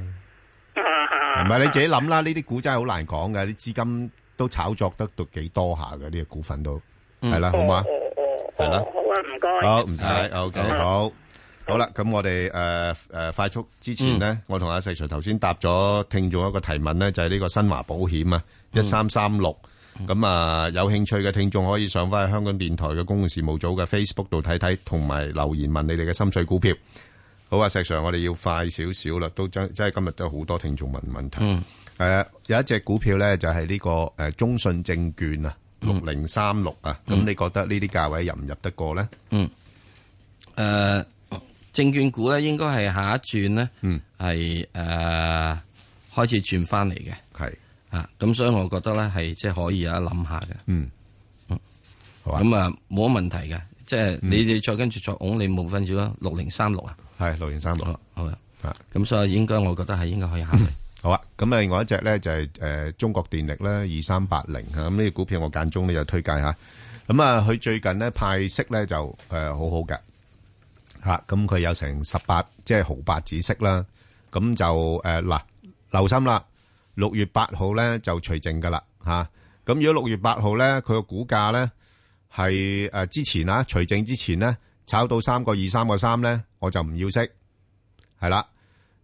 啊啊！唔係你自己諗啦，呢啲股真係好難講嘅，啲資金都炒作得都幾多下嘅，呢個股份都係啦，好嘛？哦哦哦，係啦。好啊，唔該。好，唔使，OK，好。好啦，咁我哋誒誒快速之前咧，我同阿石 Sir 頭先答咗聽眾一個提問咧，就係呢個新華保險啊，一三三六，咁啊有興趣嘅聽眾可以上翻去香港電台嘅公共事務組嘅 Facebook 度睇睇，同埋留言問你哋嘅心水股票。好啊，石 Sir，我哋要快少少啦，都真真係今日真係好多聽眾問問題。誒，有一隻股票咧，就係呢個誒中信證券啊，六零三六啊，咁你覺得呢啲價位入唔入得過咧？嗯，誒。證券股咧，應該係下一轉咧，係誒、嗯呃、開始轉翻嚟嘅，係是啊，咁所以我覺得咧，係即係可以啊諗下嘅，嗯，嗯，好啊，咁啊冇乜問題嘅，即係你哋再跟住再拱你冇分少咯，六零三六啊，係六零三六，好啊，啊，咁所以應該我覺得係應該可以考慮，嗯，好啊，咁啊，另外一隻咧就係誒中國電力啦，二三八零吓，咁呢隻股票我間中咧就推介下。咁啊，佢最近咧派息咧就誒好好嘅。吓，咁佢、嗯嗯、有成十八，即係毫八之息啦。咁就誒嗱，留、呃、心啦。六月八號咧就除淨噶啦，吓、啊。咁如果六月八號咧，佢個股價咧係誒之前啦，除淨之前咧炒到三個二、三個三咧，我就唔要息。係啦，誒、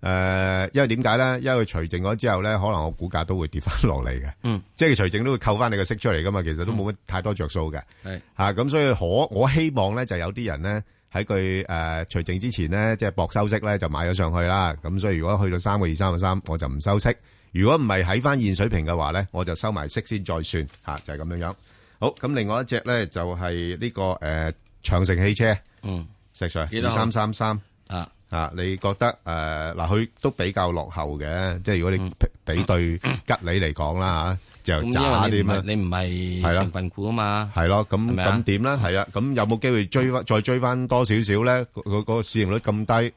呃，因為點解咧？因為佢除淨咗之後咧，可能我股價都會跌翻落嚟嘅。嗯，即係除淨都會扣翻你個息出嚟噶嘛。其實都冇乜太多着數嘅。係吓、嗯，咁、嗯嗯、所以可我希望咧，就有啲人咧。喺佢誒除淨之前咧，即係薄收息咧就買咗上去啦。咁所以如果去到三個二三個三，我就唔收息。如果唔係喺翻現水平嘅話咧，我就收埋息先再算嚇，就係咁樣樣。好，咁，另外一隻咧就係呢個誒長城汽車，嗯石 Sir 二三三三啊啊，你覺得誒嗱，佢都比較落後嘅，即係如果你比對吉利嚟講啦嚇。就你唔係成分股啊嘛，係咯，咁咁點咧？係啊，咁、啊啊啊、有冇機會追翻再追翻多少少咧？嗰、嗰個、市盈率咁低誒、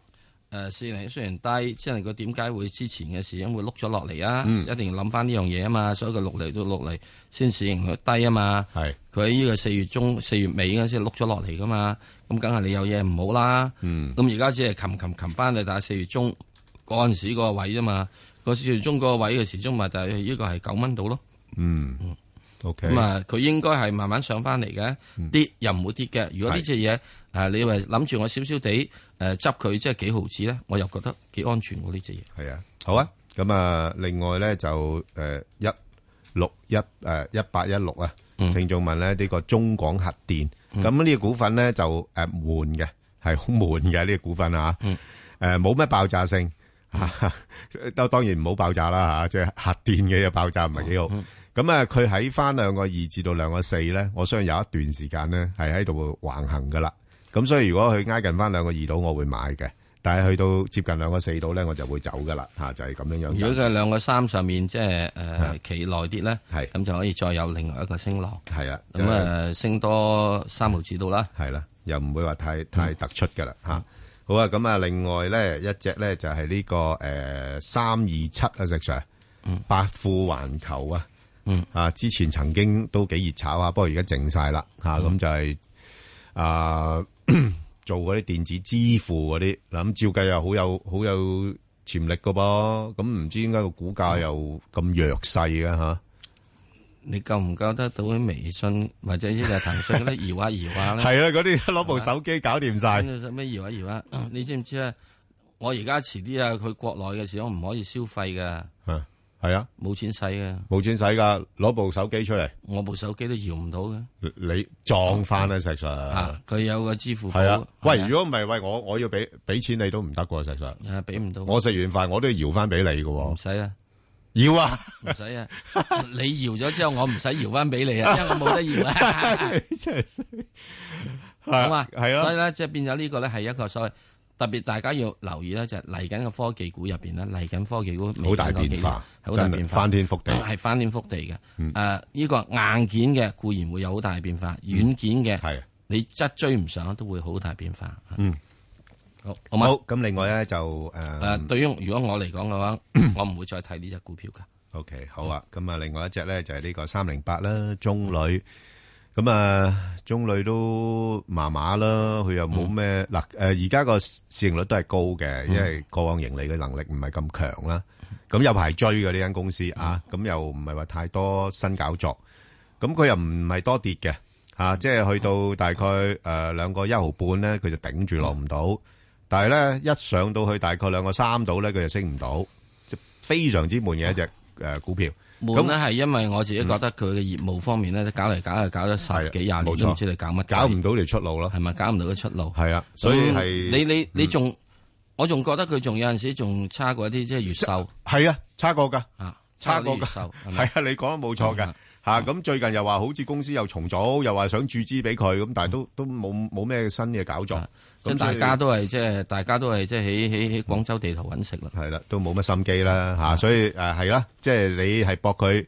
呃，市盈率雖然低，即係佢點解會之前嘅市盈會碌咗落嚟啊？嗯、一定要諗翻呢樣嘢啊嘛，所以佢碌嚟到落嚟先市盈率低啊是嘛。係佢喺呢個四月中四月尾先碌咗落嚟噶嘛，咁梗係你有嘢唔好啦。咁而家只係擒擒擒翻你，但係四月中嗰陣時嗰個位啫嘛，個四月中嗰時嗰個位嘅市中咪就係呢個係九蚊度咯。嗯 ok 咁啊，佢應該係慢慢上翻嚟嘅，跌又唔會跌嘅。如果呢隻嘢，誒，你話諗住我少少地誒執佢，即係幾毫子咧，我又覺得幾安全嘅呢隻嘢。係啊，好啊。咁啊，另外咧就誒一六一誒一八一六啊，聽眾問咧呢個中廣核電，咁呢個股份咧就誒悶嘅，係好悶嘅呢個股份啊。誒冇咩爆炸性啊，都當然唔好爆炸啦吓，即係核電嘅嘢爆炸唔係幾好。咁啊，佢喺翻兩個二至到兩個四咧，我相信有一段時間咧係喺度橫行噶啦。咁所以如果佢挨近翻兩個二度，我會買嘅。但係去到接近兩個四度咧，我就會走噶啦吓，就係、是、咁樣樣。如果佢兩個三上面即係誒企耐啲咧，係、呃、咁是、啊、就可以再有另外一個升浪。係啦，咁誒升多三毫子度啦。係啦是、啊啊，又唔會話太太突出噶啦吓。是啊嗯、好啊，咁啊，另外咧一隻咧就係呢、這個誒、呃、三二七啊，石 Sir，百、嗯、富環球啊。嗯，啊，之前曾經都幾熱炒啊，不過而家靜晒啦，吓，咁就係啊做嗰啲電子支付嗰啲，嗱咁照計、嗯嗯、又好有好有潛力噶噃，咁唔知點解個股價又咁弱勢啊。吓？你夠唔夠得到啲微信或者一啲騰訊嗰啲搖啊搖啊咧？係啦、啊，嗰啲攞部手機搞掂晒，咩搖啊搖啊，啊？你知唔知啊？我而家遲啲啊，去國內嘅時候唔可以消費噶。係啊，冇錢使啊，冇錢使噶，攞部手機出嚟，我部手機都搖唔到嘅，你撞翻啊！實實啊，佢有個支付寶係啊，喂，如果唔係喂，我我要俾俾錢你都唔得噶，實實啊，俾唔到，我食完飯我都要搖翻俾你噶，唔使啊，搖啊，唔使啊，你搖咗之後，我唔使搖翻俾你啊，因為我冇得搖啊，真係衰，係啊，所以咧即係變咗呢個咧係一個所謂。.特別大家要留意咧，就係嚟緊嘅科技股入邊咧，嚟緊科技股好大變化，好大變化，翻天覆地，係翻天覆地嘅。誒，呢個硬件嘅固然會有好大嘅變化，軟件嘅，你質追唔上，都會好大變化。嗯，好，好嘛。咁另外咧就誒，誒，對於如果我嚟講嘅話，我唔會再睇呢隻股票噶。O K，好啊。咁啊，另外一隻咧就係呢個三零八啦，中旅。咁啊，中旅都麻麻啦，佢又冇咩嗱，誒而家個市盈率都係高嘅，因為過往盈利嘅能力唔係咁強啦。咁有排追嘅呢間公司啊，咁又唔係話太多新搞作，咁佢又唔係多跌嘅啊，即係去到大概誒兩個一毫半咧，佢就頂住落唔到，但係咧一上到去大概兩個三度咧，佢就升唔到，即係非常之悶嘅一隻誒股票。咁咧係因為我自己覺得佢嘅業務方面咧，搞嚟搞去，搞咗十幾廿年，都唔知你搞乜，搞唔到嚟出路咯，係咪？搞唔到嘅出路。係啊，所以係、嗯、你你你仲，嗯、我仲覺得佢仲有陣時仲差過一啲，即係越秀。係啊，差過噶，啊，差過，差過個秀，係 啊，你講得冇錯噶。嗯吓，咁最近又話好似公司又重組，又話想注資俾佢，咁但係都都冇冇咩新嘅搞作，咁大家都係即係大家都係即係喺喺喺廣州地頭揾食啦，係啦，都冇乜心機啦吓，所以誒係啦，即係你係搏佢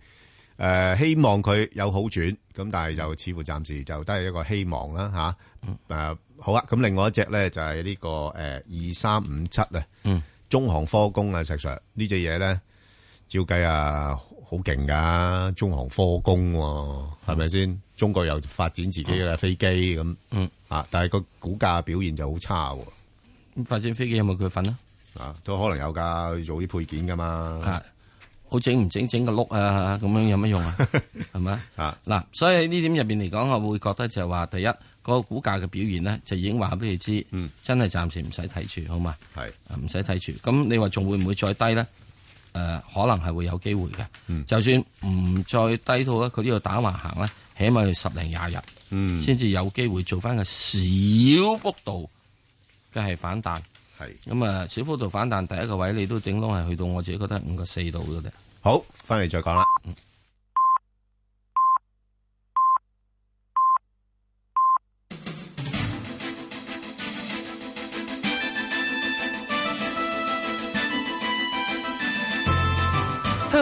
誒，希望佢有好轉，咁但係就似乎暫時就都係一個希望啦吓，誒好啦，咁另外一隻咧就係呢個誒二三五七啊，嗯，中航科工啊，石 sir 呢隻嘢咧，照計啊。好勁噶，中航科工係咪先？嗯、中國又發展自己嘅飛機咁，啊、嗯！但係個股價表現就好差喎、啊。咁發展飛機有冇佢份啊？啊，都可能有噶，做啲配件噶嘛。啊，好整唔整？整個碌啊，咁樣有乜用啊？係咪 吧啊？嗱、啊，所以呢點入邊嚟講，我會覺得就係話，第一、嗰個股價嘅表現咧，就已經話俾你知，嗯、真係暫時唔使睇住，好嘛？係唔使睇住。咁、啊、你話仲會唔會再低咧？誒、呃，可能係會有機會嘅。嗯、就算唔再低套咧，佢呢個打橫行咧，起碼要十零廿日，先至、嗯、有機會做翻個小幅度嘅係反彈。係咁啊，小幅度反彈第一個位你都頂籠係去到我自己覺得五個四度嘅啫。好，翻嚟再講啦。嗯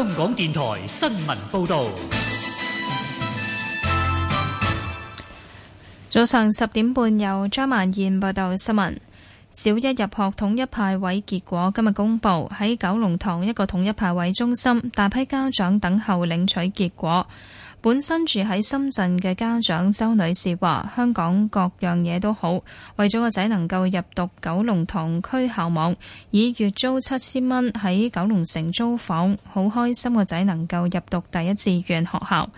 香港電台新聞報道：早上十點半，由張曼燕報道新聞。小一入學統一派位結果今日公布，喺九龍塘一個統一派位中心，大批家長等候領取結果。本身住喺深圳嘅家長周女士話：香港各樣嘢都好，為咗個仔能夠入讀九龍塘區校網，以月租七千蚊喺九龍城租房，好開心個仔能夠入讀第一志願學校。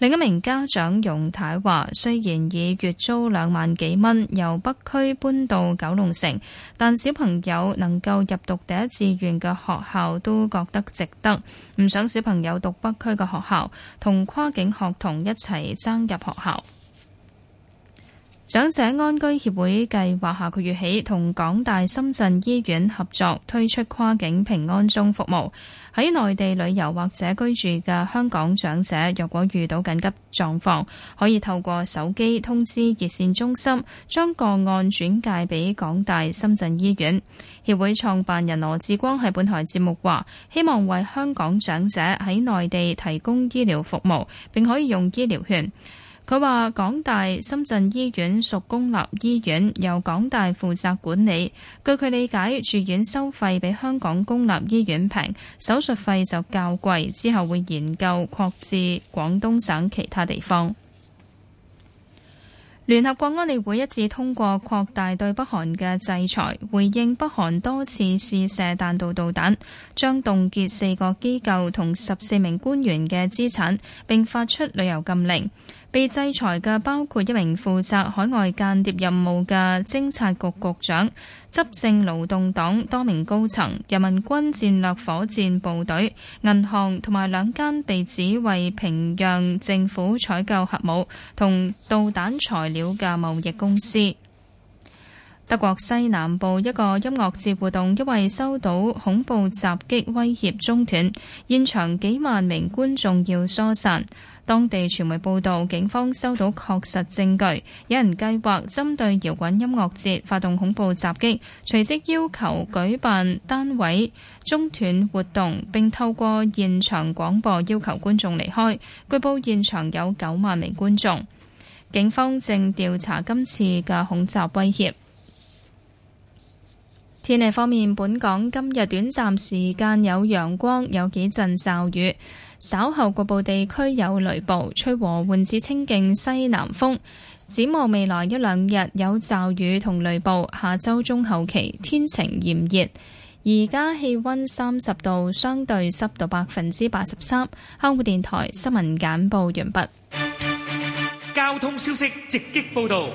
另一名家長容太話，雖然以月租兩萬幾蚊由北區搬到九龍城，但小朋友能夠入讀第一志願嘅學校都覺得值得，唔想小朋友讀北區嘅學校，同跨境學童一齊爭入學校。長者安居協會計劃下個月起同港大深圳醫院合作推出跨境平安鐘服務。喺內地旅遊或者居住嘅香港長者，若果遇到緊急狀況，可以透過手機通知熱線中心，將個案轉介俾港大深圳醫院。協會創辦人羅志光喺本台節目話，希望為香港長者喺內地提供醫療服務，並可以用醫療券。佢話：港大深圳醫院屬公立醫院，由港大負責管理。據佢理解，住院收費比香港公立醫院平，手術費就較貴。之後會研究擴至廣東省其他地方。聯合國安理會一致通過擴大對北韓嘅制裁，回應北韓多次試射彈道導彈，將凍結四個機構同十四名官員嘅資產，並發出旅遊禁令。被制裁嘅包括一名負責海外間諜任務嘅偵察局局長、執政勞動黨多名高層、人民軍戰略火箭部隊、銀行同埋兩間被指為平壤政府採購核武同導彈材料嘅貿易公司。德國西南部一個音樂節活動因為收到恐怖襲擊威脅中斷，現場幾萬名觀眾要疏散。當地傳媒報道，警方收到確實證據，有人計劃針對搖滾音樂節發動恐怖襲擊，隨即要求舉辦單位中斷活動，並透過現場廣播要求觀眾離開。據報現場有九萬名觀眾。警方正調查今次嘅恐襲威脅。天氣方面，本港今日短暫時間有陽光，有幾陣驟雨，稍後局部地區有雷暴，吹和緩至清勁西南風。展望未來一兩日有驟雨同雷暴，下周中後期天晴炎熱。而家氣温三十度，相對濕度百分之八十三。香港電台新聞簡報完畢。交通消息直擊報道。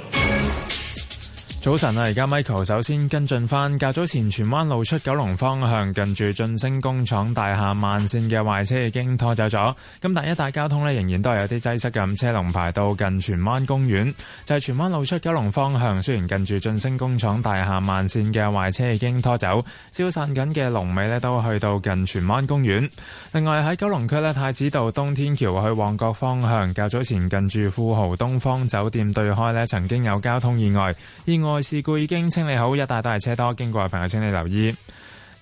早晨啊！而家 Michael 首先跟進翻，較早前荃灣路出九龍方向近住晉升工廠大廈慢線嘅壞車已經拖走咗。咁但係一帶交通呢，仍然都係有啲擠塞嘅，咁車龍排到近荃灣公園。就係荃灣路出九龍方向，雖然近住晉升工廠大廈慢線嘅壞車已經拖走，消散緊嘅龍尾呢都去到近荃灣公園。另外喺九龍區呢，太子道東天橋去旺角方向，較早前近住富豪東方酒店對開呢曾經有交通意外，意外。外事故已經清理好，一大大，大車多經過嘅朋友請你留意。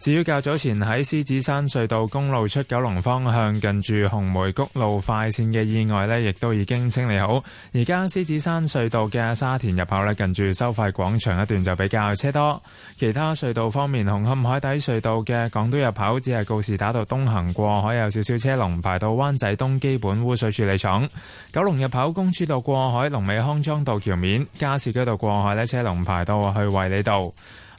至於較早前喺獅子山隧道公路出九龍方向，近住紅梅谷路快線嘅意外呢，亦都已經清理好。而家獅子山隧道嘅沙田入口呢，近住收費廣場一段就比較車多。其他隧道方面，紅磡海底隧道嘅港島入口只係告示打到東行過海有少少車龍，排到灣仔東基本污水處理廠。九龍入口公主道過海龍尾康莊道橋面，加士居道過海呢車龍排到去衛理道。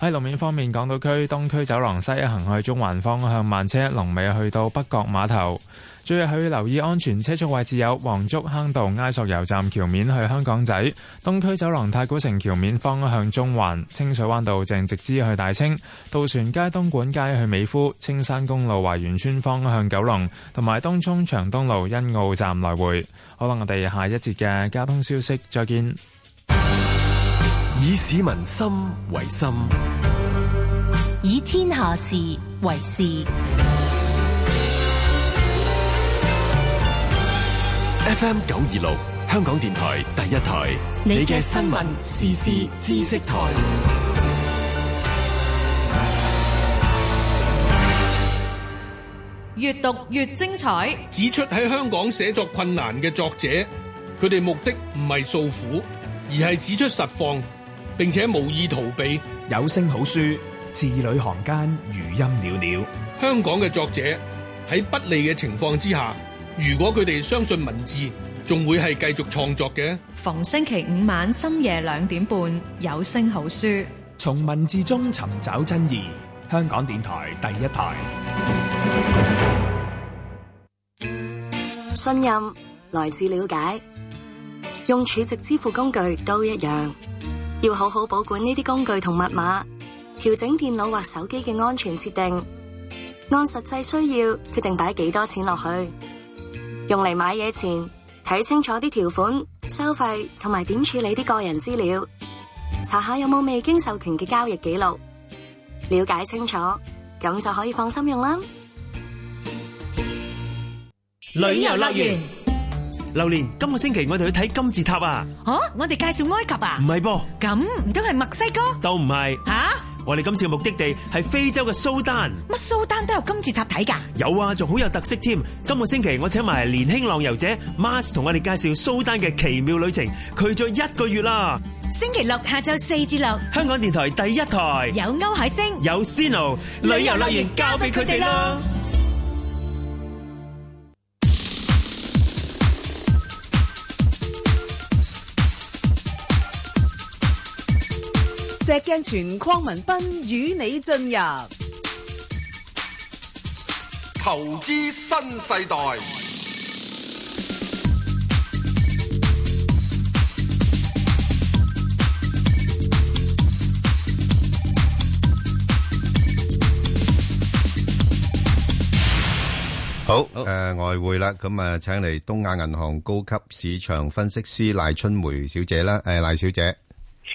喺路面方面，港島區東區走廊西行去中環方向慢車，龍尾去到北角碼頭。注意去留意安全車速位置有黃竹坑道、埃索油站橋面去香港仔、東區走廊、太古城橋面方向中環、清水灣道正直之去大清、渡船街、東莞街去美孚、青山公路華園村方向九龍，同埋東涌長東路欣澳站來回。好啦，我哋下一節嘅交通消息再見。以市民心為心，以天下事為事。FM 九二六，香港電台第一台，你嘅的 新聞、時事、知識台，越讀越精彩。指出喺香港寫作困難嘅作者，佢哋目的唔係訴苦，而係指出實況。並且無意逃避 有聲好書，字裏行間，餘音裊裊。香港嘅作者喺不利嘅情況之下，如果佢哋相信文字，仲會係繼續創作嘅。逢星期五晚深夜兩點半有聲好書。從 文字中尋找真義，香港電台第一台。信任來自了解，用儲值支付工具都一樣。要好好保管呢啲工具同密碼，調整電腦或手機嘅安全設定，按實際需要決定擺幾多錢落去，用嚟買嘢前睇清楚啲條款、收費同埋點處理啲個人資料，查下有冇未經授權嘅交易記錄，了解清楚，咁就可以放心用啦。旅遊樂園。榴蓮，今個星期我哋去睇金字塔啊！吓，我哋介紹埃及啊？唔係噃，咁唔通係墨西哥？都唔係吓，我哋今次目的地係非洲嘅蘇丹，乜蘇丹都有金字塔睇噶？有啊，仲好有特色添。今個星期我請埋年輕浪遊者 Mas 同我哋介紹蘇丹嘅奇妙旅程，佢咗一個月啦。星期六下晝四至六，香港電台第一台有歐海星，有 CNO 旅遊樂園，交俾佢哋啦。石鏡泉鄺民彬與你進入投資新世代。好，誒，外匯啦，咁啊，請嚟東亞銀行高級市場分析師賴春梅小姐啦，誒，賴小姐。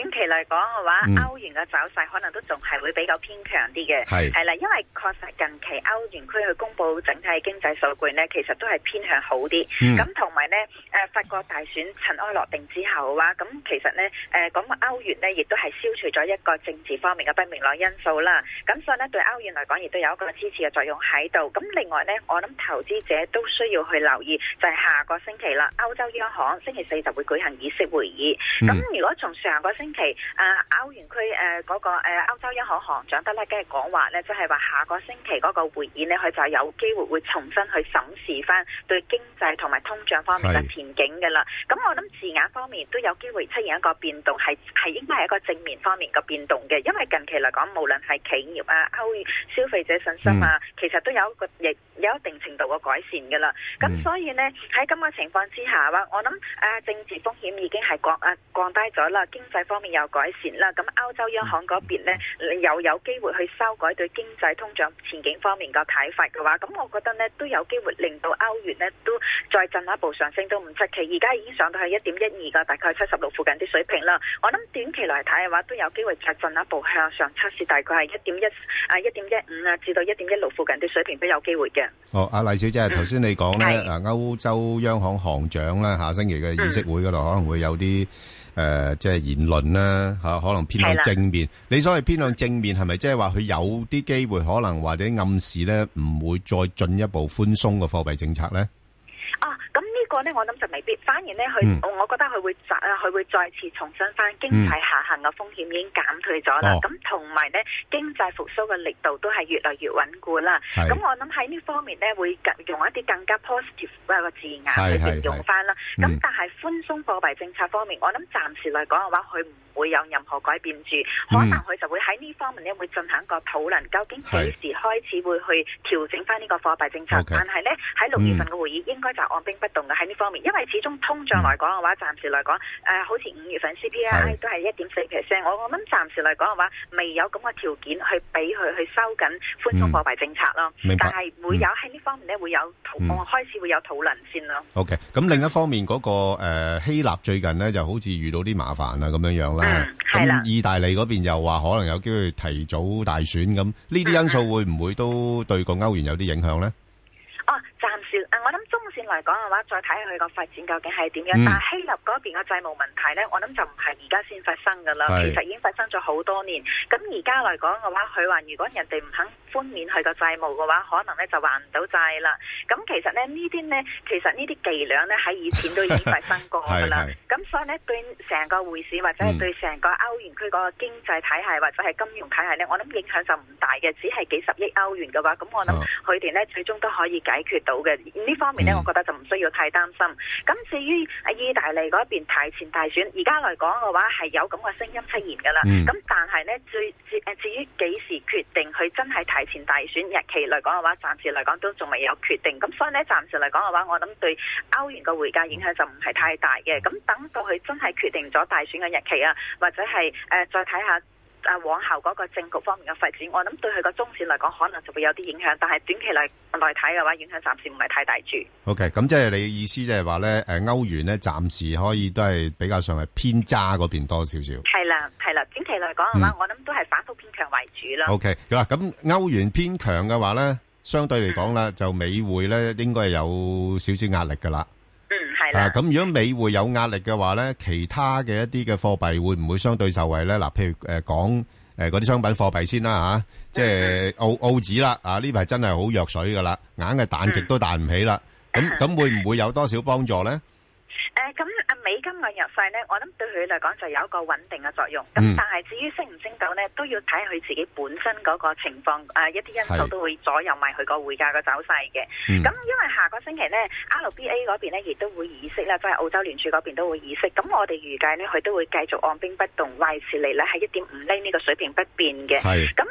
短期嚟講嘅話，嗯、歐元嘅走勢可能都仲係會比較偏強啲嘅，係啦是，因為確實近期歐元區去公布整體經濟數據呢，其實都係偏向好啲，咁同埋呢，誒、呃、法國大選塵埃落定之後嘅話，咁其實呢，誒、呃、咁歐元呢亦都係消除咗一個政治方面嘅不明朗因素啦，咁所以呢，對歐元嚟講，亦都有一個支持嘅作用喺度。咁另外呢，我諗投資者都需要去留意，就係、是、下個星期啦，歐洲央行星期四就會舉行議息會議，咁、嗯、如果從上個星，期啊，歐元區誒嗰個誒歐洲央行行長德拉吉嘅講話咧，即係話下個星期嗰個會議咧，佢就有機會會重新去審視翻對經濟同埋通脹方面嘅前景嘅啦。咁我諗字眼方面都有機會出現一個變動，係係應該係一個正面方面嘅變動嘅，因為近期嚟講，無論係企業啊、歐消費者信心啊，其實都有一個亦有一定程度嘅改善嘅啦。咁所以呢，喺噉個情況之下嘅話，我諗誒政治風險已經係降啊降低咗啦，經濟方方面有改善啦，咁歐洲央行嗰邊呢又有機會去修改對經濟通脹前景方面個睇法嘅話，咁我覺得呢，都有，呢都，都，都有機會令到歐元呢都再進一步上升到五七期，而家已經上到係一點一二個大概七十六附近啲水平啦。我諗短期嚟睇嘅話都有機會再進一步向上測試，大概係一點一啊一點一五啊至到一點一六附近啲水平都有機會嘅。好、哦，阿麗小姐，頭先你講呢啊，歐、嗯、洲央行行長呢下星期嘅議息會嗰度、嗯、可能會有啲。誒、呃，即係言論啦，嚇、啊，可能偏向正面。係嘅。你所謂偏向正面，係咪即係話佢有啲機會，可能或者暗示咧，唔會再進一步寬鬆嘅貨幣政策咧？我諗就未必，反而咧佢，嗯、我覺得佢會再，佢會再次重申翻經濟下行嘅風險已經減退咗啦。咁同埋咧經濟復甦嘅力度都係越來越穩固啦。咁是我諗喺呢方面咧會用一啲更加 positive 嘅字眼去形容翻啦。咁但係寬鬆貨幣政策方面，嗯、我諗暫時嚟講嘅話，佢唔會有任何改變住。嗯、可能佢就會喺呢方面咧會進行一個討論，究竟幾時開始會去調整翻呢個貨幣政策。但係咧喺六月份嘅會議應該就按兵不動嘅，喺。呢方面，因為始終通脹來講嘅話，暫時來講，誒、呃，好似五月份 CPI 都係一點四 percent，我我諗暫時來講嘅話，未有咁嘅條件去俾佢去收緊寬鬆貨幣政策咯。嗯、但係會有喺呢、嗯、方面咧，會有我、嗯、開始會有討論先咯。OK，咁另一方面嗰、那個、呃、希臘最近咧，就好似遇到啲麻煩啊咁樣樣啦。嗯，係啦。咁意大利嗰邊又話可能有機會提早大選，咁呢啲因素、嗯、會唔會都對個歐元有啲影響咧？嚟講嘅話，再睇下佢個發展究竟係點樣。但係希臘嗰邊嘅債務問題呢，我諗就唔係而家先發生噶啦。其實已經發生咗好多年。咁而家嚟講嘅話，佢話如果人哋唔肯寬免佢個債務嘅話，可能呢就還唔到債啦。咁其實呢呢啲呢，其實呢啲伎倆呢喺以前都已經發生過噶啦。咁 是所以呢，對成個匯市或者係對成個歐元區嗰個經濟體系或者係金融體系呢，我諗影響就唔大嘅。只係幾十億歐元嘅話，咁我諗佢哋呢，最終都可以解決到嘅。呢方面呢，我覺得、嗯。就唔需要太擔心。咁至於阿意大利嗰邊提前大選，而家嚟講嘅話係有咁嘅聲音出現噶啦。咁、嗯、但係呢，最至誒至於幾時決定佢真係提前大選日期，嚟講嘅話，暫時嚟講都仲未有決定。咁所以呢，暫時嚟講嘅話，我諗對歐元嘅匯價影響就唔係太大嘅。咁等到佢真係決定咗大選嘅日期啊，或者係誒、呃、再睇下。啊，往後嗰個政局方面嘅發展，我諗對佢個中線嚟講，可能就會有啲影響。但係短期嚟睇嘅話，影響暫時唔係太大。住 OK，咁即係你意思，即係話咧，誒歐元咧，暫時可以都係比較上係偏渣嗰邊多少少。係啦，係啦，短期嚟講嘅話，嗯、我諗都係反覆偏強為主啦。OK，嗱咁歐元偏強嘅話咧，相對嚟講咧，就美匯咧應該係有少少壓力㗎啦。啊，咁如果美匯有壓力嘅話咧，其他嘅一啲嘅貨幣會唔會相對受惠咧？嗱、啊，譬如誒、呃、講誒嗰啲商品貨幣先啦嚇、啊，即係澳澳紙啦，啊呢排真係好弱水㗎喇，硬係彈極都彈唔起啦。咁咁、嗯啊、會唔會有多少幫助咧？誒、啊美金嘅入勢呢，我諗對佢嚟講就有一個穩定嘅作用。咁但係至於升唔升到呢，都要睇下佢自己本身嗰個情況。誒、呃，一啲因素都會左右埋佢個匯價嘅走勢嘅。咁、嗯、因為下個星期呢 RBA 嗰邊咧亦都會意識咧，即、就、係、是、澳洲聯儲嗰邊都會議息。咁我哋預計呢，佢都會繼續按兵不動利，維持利率喺一點五厘呢個水平不變嘅。咁誒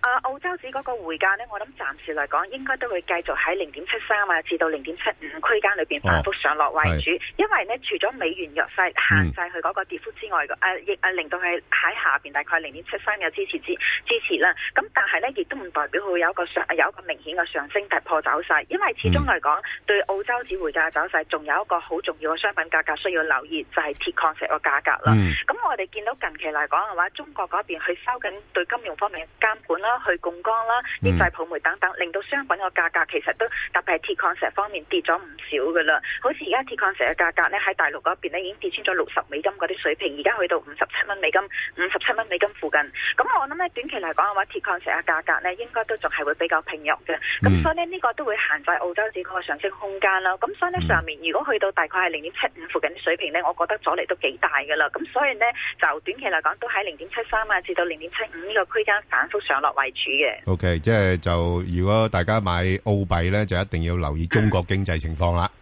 啊，澳洲紙嗰個匯價咧，我諗暫時嚟講應該都會繼續喺零點七三啊至到零點七五區間裏邊反覆上落為主。哦、因為呢除咗美原弱勢限制佢嗰個跌幅之外，誒、啊、亦誒、啊、令到係喺下邊大概零點七三嘅支持支支持啦。咁但係咧亦都唔代表會有一個上，有一個明顯嘅上升突破走勢。因為始終嚟講，嗯、對澳洲指匯價走勢，仲有一個好重要嘅商品價格需要留意，就係、是、鐵礦石個價格啦。咁、嗯嗯、我哋見到近期嚟講嘅話，中國嗰邊去收緊對金融方面監管啦，去槓桿啦，抑制泡沫等等，令到商品個價格其實都特別係鐵礦石方面跌咗唔少噶啦。好似而家鐵礦石嘅價格咧喺大陸入邊咧已經跌穿咗六十美金嗰啲水平，而家去到五十七蚊美金、五十七蚊美金附近。咁我諗咧短期嚟講嘅話，鐵礦石嘅價格咧應該都仲係會比較疲弱嘅。咁所以呢，呢個都會限制澳洲紙個上升空間啦。咁所以呢，上面如果去到大概係零點七五附近啲水平呢，我覺得阻力都幾大噶啦。咁所以呢，就短期嚟講都喺零點七三啊至到零點七五呢個區間反覆上落為主嘅。O K，即係就如果大家買澳幣呢，就一定要留意中國經濟情況啦。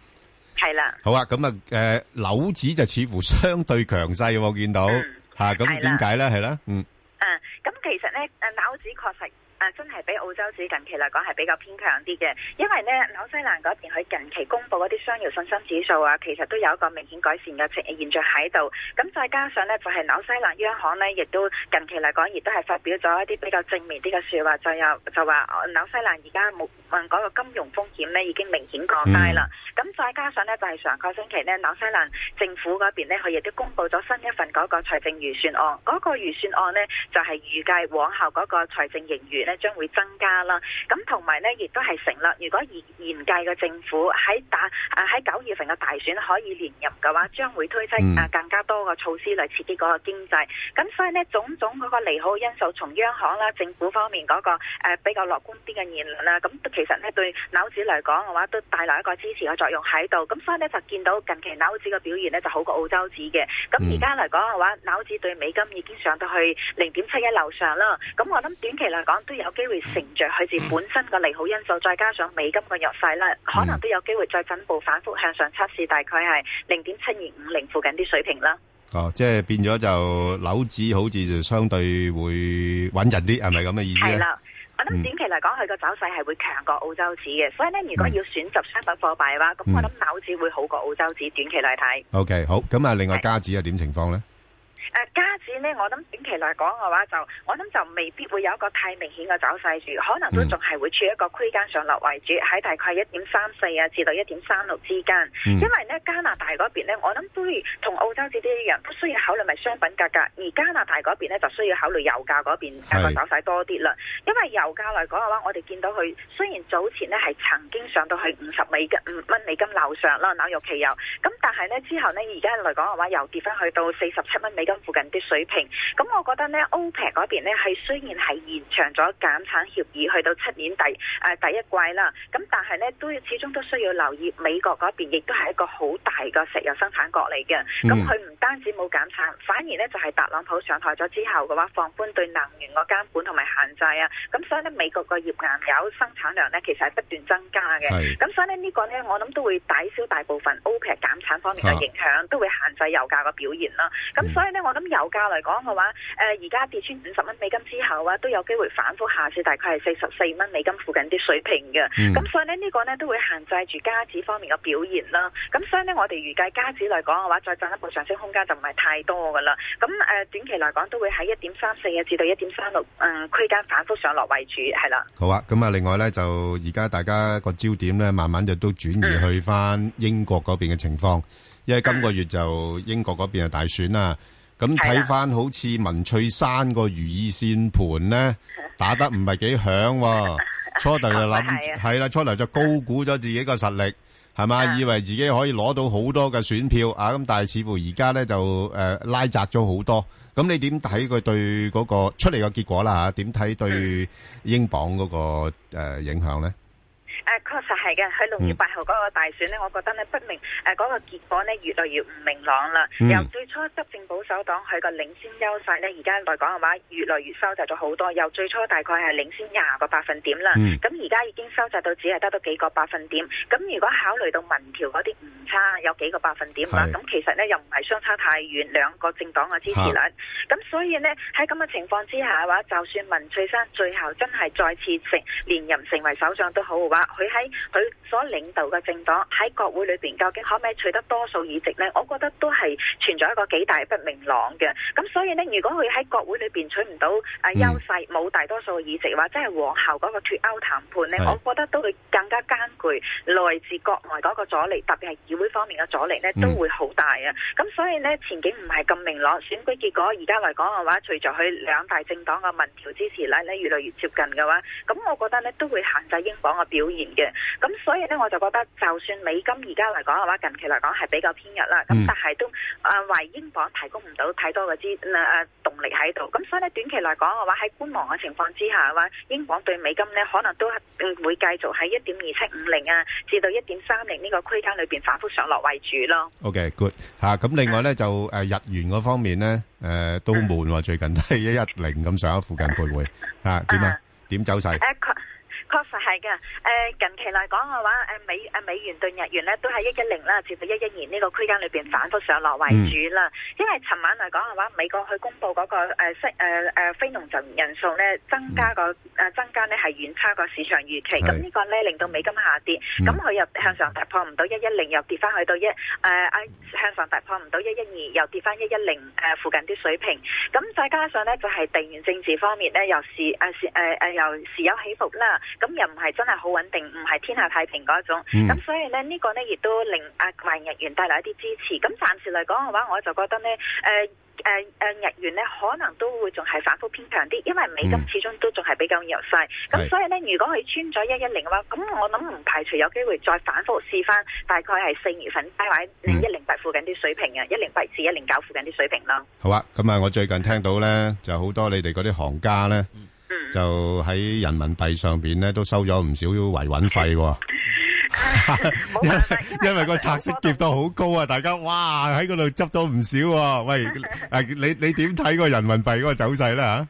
係啦，好啊，咁啊，誒、呃，紐指就似乎相對強勢，有冇見到？吓，咁點解咧？係啦，嗯，誒、啊，咁、嗯嗯、其實咧，誒，紐指確實。啊，真係比澳洲紙近期嚟講係比較偏強啲嘅，因為呢紐西蘭嗰邊佢近期公布嗰啲商業信心指數啊，其實都有一個明顯改善嘅跡現象喺度。咁再加上呢，就係、是、紐西蘭央行呢，亦都近期嚟講亦都係發表咗一啲比較正面啲嘅説話，就有就話紐西蘭而家冇嗰個金融風險呢，已經明顯降低啦。咁、嗯、再加上呢，就係、是、上個星期呢，紐西蘭政府嗰邊呢，佢亦都公布咗新一份嗰個財政預算案，嗰、那個預算案呢，就係預計往後嗰個財政盈餘將會增加啦，咁同埋呢，亦都係成啦。如果現現屆嘅政府喺打啊喺九月份嘅大選可以連任嘅話，將會推出啊更加多嘅措施嚟刺激個經濟。咁、嗯、所以呢，種種嗰個利好因素，從央行啦、政府方面嗰個誒比較樂觀啲嘅言論啦，咁其實呢，對紐紙嚟講嘅話，都帶來一個支持嘅作用喺度。咁所以呢，就見到近期紐紙嘅表現呢，就好過澳洲紙嘅。咁而家嚟講嘅話，紐紙、嗯、對美金已經上到去零點七一樓上啦。咁我諗短期嚟講都。有機會乘着佢自本身嘅利好因素，再加上美金嘅弱勢啦，可能都有機會再進一步反覆向上測試，大概係零點七二五零附近啲水平啦。哦，即係變咗就樓指好似就相對會穩陣啲，係咪咁嘅意思啊？係啦，我諗短期嚟講，佢個、嗯、走勢係會強過澳洲紙嘅，所以咧，如果要選擇商品貨幣嘅話，咁、嗯、我諗樓指會好過澳洲紙短期嚟睇。OK，好，咁啊，另外加指係點情況咧？誒加指咧，我諗短期嚟講嘅話，就我諗就未必會有一個太明顯嘅走勢住，可能都仲係會處一個區間上落為主，喺大概一點三四啊至到一點三六之間。因為呢加拿大嗰邊咧，我諗都同澳洲指標一樣，都需要考慮埋商品價格，而加拿大嗰邊咧就需要考慮油價嗰邊一個走勢多啲啦。因為油價嚟講嘅話，我哋見到佢雖然早前呢係曾經上到去五十美金五蚊美金樓上啦，紐約期油，咁但係呢之後呢，而家嚟講嘅話，又跌翻去到四十七蚊美附近啲水平，咁我覺得咧，歐佩克嗰邊咧係雖然係延長咗減產協議去到七年第誒第一季啦，咁但係咧都要始終都需要留意美國嗰邊，亦都係一個好大個石油生產國嚟嘅。咁佢唔單止冇減產，反而咧就係特朗普上台咗之後嘅話放寬對能源個監管同埋限制啊。咁所以咧，美國個頁岩油生產量咧其實係不斷增加嘅。咁所以咧呢個咧，我諗都會抵消大部分歐佩克減產方面嘅影響，都會限制油價嘅表現啦。咁所以咧。我諗油價嚟講嘅話，誒、呃，而家跌穿五十蚊美金之後啊，都有機會反覆下至大概係四十四蚊美金附近啲水平嘅。咁所以咧，呢、這個呢，都會限制住加紙方面嘅表現啦。咁所以呢，我哋預計加紙嚟講嘅話，再進一步上升空間就唔係太多噶啦。咁誒、呃，短期嚟講都會喺一點三四啊，至到一點三六誒區間反覆上落為主係啦。好啊，咁啊，另外呢，就而家大家個焦點呢，慢慢就都轉移去翻英國嗰邊嘅情況，嗯、因為今個月就英國嗰邊嘅大選啊。嗯咁睇翻好似文翠珊個如意算盤咧打得唔係幾響，初頭就諗係啦，初頭就高估咗自己個實力，係嘛， 以為自己可以攞到好多嘅選票啊！咁但係似乎而家咧就誒、呃、拉窄咗好多。咁你點睇佢對嗰、那個出嚟嘅結果啦、啊？吓，點睇對英鎊嗰、那個誒、呃、影響咧？誒確實係嘅，喺六月八號嗰個大選呢，我覺得呢不明誒嗰、呃嗰個結果呢，越來越唔明朗啦。由最初執政保守黨佢個領先優勢呢，而家嚟講嘅話，越來越收窄咗好多。由最初大概係領先廿個百分點啦，咁而家已經收窄到只係得到幾個百分點。咁如果考慮到民調嗰啲誤差有幾個百分點啦，咁是其實呢又唔係相差太遠兩個政黨嘅支持率。咁是所以呢，喺咁嘅情況之下嘅話，就算文翠珊最後真係再次成連任成為首相都好嘅話，佢喺佢所領導嘅政黨喺國會裏邊究竟可唔可以取得多數議席呢？我覺得都係存在一個幾大不明朗嘅。咁所以呢，如果佢喺國會裏邊取唔到誒優勢，冇大多數嘅議席嘅話，真係往後嗰個脱歐談判呢，的我覺得都會更加艱巨。來自國外嗰個阻力，特別係議會方面嘅阻力呢，都會好大啊。咁所以呢，前景唔係咁明朗。選舉結果而家嚟講嘅話，隨住佢兩大政黨嘅民調支持率呢越嚟越接近嘅話，咁我覺得呢，都會限制英鎊嘅表現。嘅，咁、嗯嗯、所以咧，我就覺得就算美金而家嚟講嘅話，近期嚟講係比較偏弱啦。咁但係都誒為英鎊提供唔到太多嘅支誒動力喺度。咁所以咧，短期嚟講嘅話，喺觀望嘅情況之下嘅話，英鎊對美金咧，可能都會繼續喺一點二七五零啊，至到一點三零呢個區間裏邊反覆上落為主咯。OK，good 吓。咁另外咧就誒日元嗰方面咧，誒、啊、都悶喎，最近都係一一零咁上下附近徘徊吓。點啊？點、啊、走勢？啊呃啊呃確實係嘅，誒近期嚟講嘅話，誒美誒美，美元對日元咧都係一一零啦，至到一一二呢個區間裏邊反覆上落為主啦。Mm. 因為尋晚嚟講嘅話，美國去公布嗰、那個誒息誒誒、呃、非農就業人數咧增加過誒、呃、增加咧係遠差過市場預期，咁、mm. 嗯這個、呢個咧令到美金下跌，咁佢又向上突破唔到一一零，又跌翻去到一誒，向上突破唔到一一二，又跌翻一一零誒附近啲水平。咁再加上咧就係地緣政治方面咧又時誒誒誒又時、啊、有起伏啦。咁又唔係真係好穩定，唔係天下太平嗰一種。咁、嗯、所以呢，呢、呢個呢亦都令阿、啊、埋日元帶嚟一啲支持。咁暫時嚟講嘅話，我就覺得呢誒誒誒，日元呢可能都會仲係反覆偏強啲，因為美金始終都仲係比較弱勢。咁、嗯、所以呢，如果佢穿咗一一零嘅話，咁我諗唔排除有機會再反覆試翻，大概係四月份低位零一零八附近啲水平嘅，一零八至一零九附近啲水平咯。好啊，咁啊，我最近聽到呢就好多你哋嗰啲行家呢。嗯就喺人民幣上邊咧，都收咗唔少維穩費喎、哦。 因因為個拆息挾到好高啊，大家哇喺嗰度執到唔少喎、啊。喂，誒你你點睇個人民幣嗰個走勢咧嚇？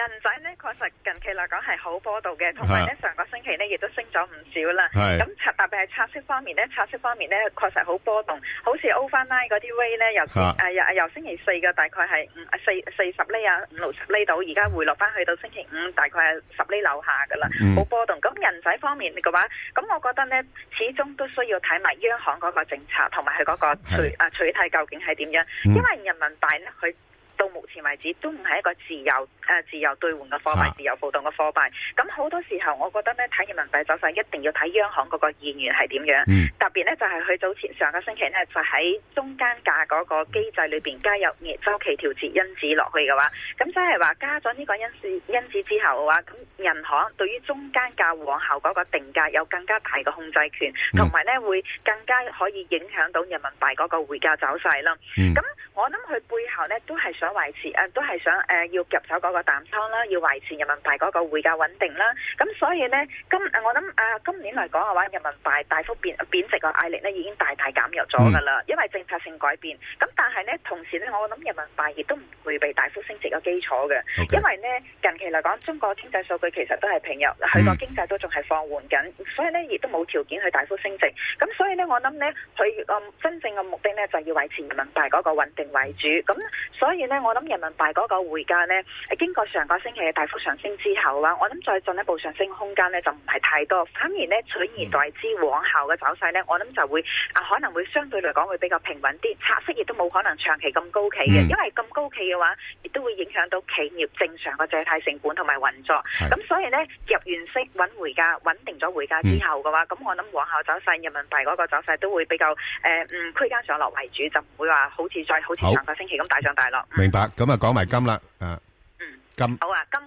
人仔咧，確實近期嚟講係好波動嘅，同埋咧上個星期咧亦都升咗唔少啦。咁是、嗯、特別係拆息方面咧，拆息方面咧確實好波動，好似歐翻拉嗰啲 rate 咧，由誒由、啊啊呃、由星期四嘅大概係五四四十厘啊五六十厘度，而家回落翻去到星期五大概係十厘樓下噶啦，好、嗯、波動。咁、嗯、人仔方面嘅話，咁我覺得咧，始終都需要睇埋央行嗰個政策，同埋佢嗰個啊啊取啊取態究竟係點樣，因為人民幣咧佢。到目前為止都唔係一個自由誒、呃、自由兌換嘅貨幣，自由浮動嘅貨幣，咁好多時候，我覺得咧睇人民幣走勢一定要睇央行嗰個意願係點樣。嗯、特別咧就係、是、佢早前上個星期咧就喺中間價嗰個機制裏邊加入周期調節因子落去嘅話，咁即係話加咗呢個因子因子之後嘅話，咁銀行對於中間價往後嗰個定價有更加大嘅控制權，同埋咧會更加可以影響到人民幣嗰個匯價走勢啦。咁、嗯嗯、我諗佢背後咧都係想。維持啊，都係想誒要入手嗰個淡倉啦，要維持人民幣嗰個匯價穩定啦。咁所以咧，今我諗誒今年嚟講嘅話，人民幣大幅貶貶值嘅壓力咧已經大大減弱咗噶啦，嗯、因為政策性改變。咁但係咧，同時咧，我諗人民幣亦都唔具備大幅升值嘅基礎嘅，Okay. 因為咧近期嚟講，中國經濟數據其實都係平入，佢個經濟都仲係放緩緊，嗯、所以咧亦都冇條件去大幅升值。咁所以咧，我諗咧佢個真正嘅目的咧，就係要維持人民幣嗰個穩定為主。咁所以。我諗人民幣嗰個匯價呢，誒經過上個星期嘅大幅上升之後啦，我諗再進一步上升空間呢，就唔係太多，反而呢，取而代之往後嘅走勢呢，我諗就會啊可能會相對嚟講會比較平穩啲，拆息亦都冇可能長期咁高企嘅，嗯、因為咁高企嘅話，亦都會影響到企業正常嘅借貸成本同埋運作，咁是、嗯、所以呢，入完息穩匯價，穩定咗匯價之後嘅話，咁、嗯、我諗往後走勢人民幣嗰個走勢都會比較誒嗯、呃、區間上落為主，就唔會話好似再好似上個星期咁大上大落。好明白，咁啊講埋金啦，啊，嗯，金好啊，金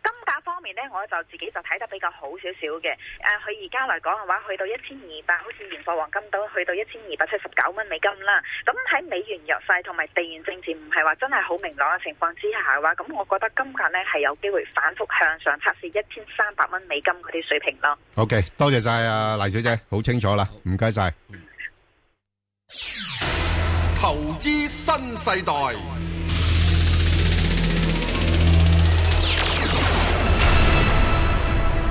金價方面呢，我就自己就睇得比較好少少嘅，誒、啊，佢而家嚟講嘅話，去到一千二百，好似現貨黃金都去到一千二百七十九蚊美金啦。咁喺美元弱勢同埋地緣政治唔係話真係好明朗嘅情況之下嘅話，咁我覺得金價呢係有機會反覆向上測試一千三百蚊美金嗰啲水平咯。OK，多謝晒啊，黎小姐，好清楚啦，唔該晒。嗯、投資新世代。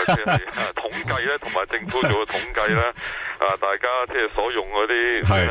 啊、統計咧，同埋政府做嘅統計咧、啊，啊，大家即係所用嗰啲係誒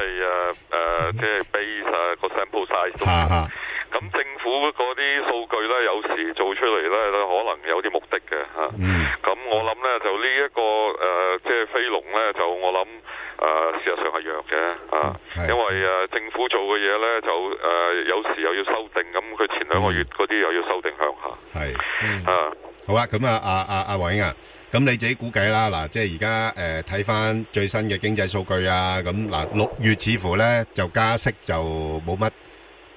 誒，即係 base 啊個 sample size。咁政府嗰啲數據咧，有時做出嚟咧，可能有啲目的嘅吓。咁、啊、我諗咧，就、這個啊就是、呢一個誒，即係非農咧，就我諗誒、啊，事實上係弱嘅啊。因為誒、啊，政府做嘅嘢咧，就誒、啊，有時又要修訂，咁佢前兩個月嗰啲又要修訂向下。係。啊。好啊，咁啊，阿阿阿偉啊，咁、啊啊啊、你自己估計啦，嗱、啊，即係而家誒睇翻最新嘅經濟數據啊，咁、啊、嗱，六、啊、月似乎咧就加息就冇乜。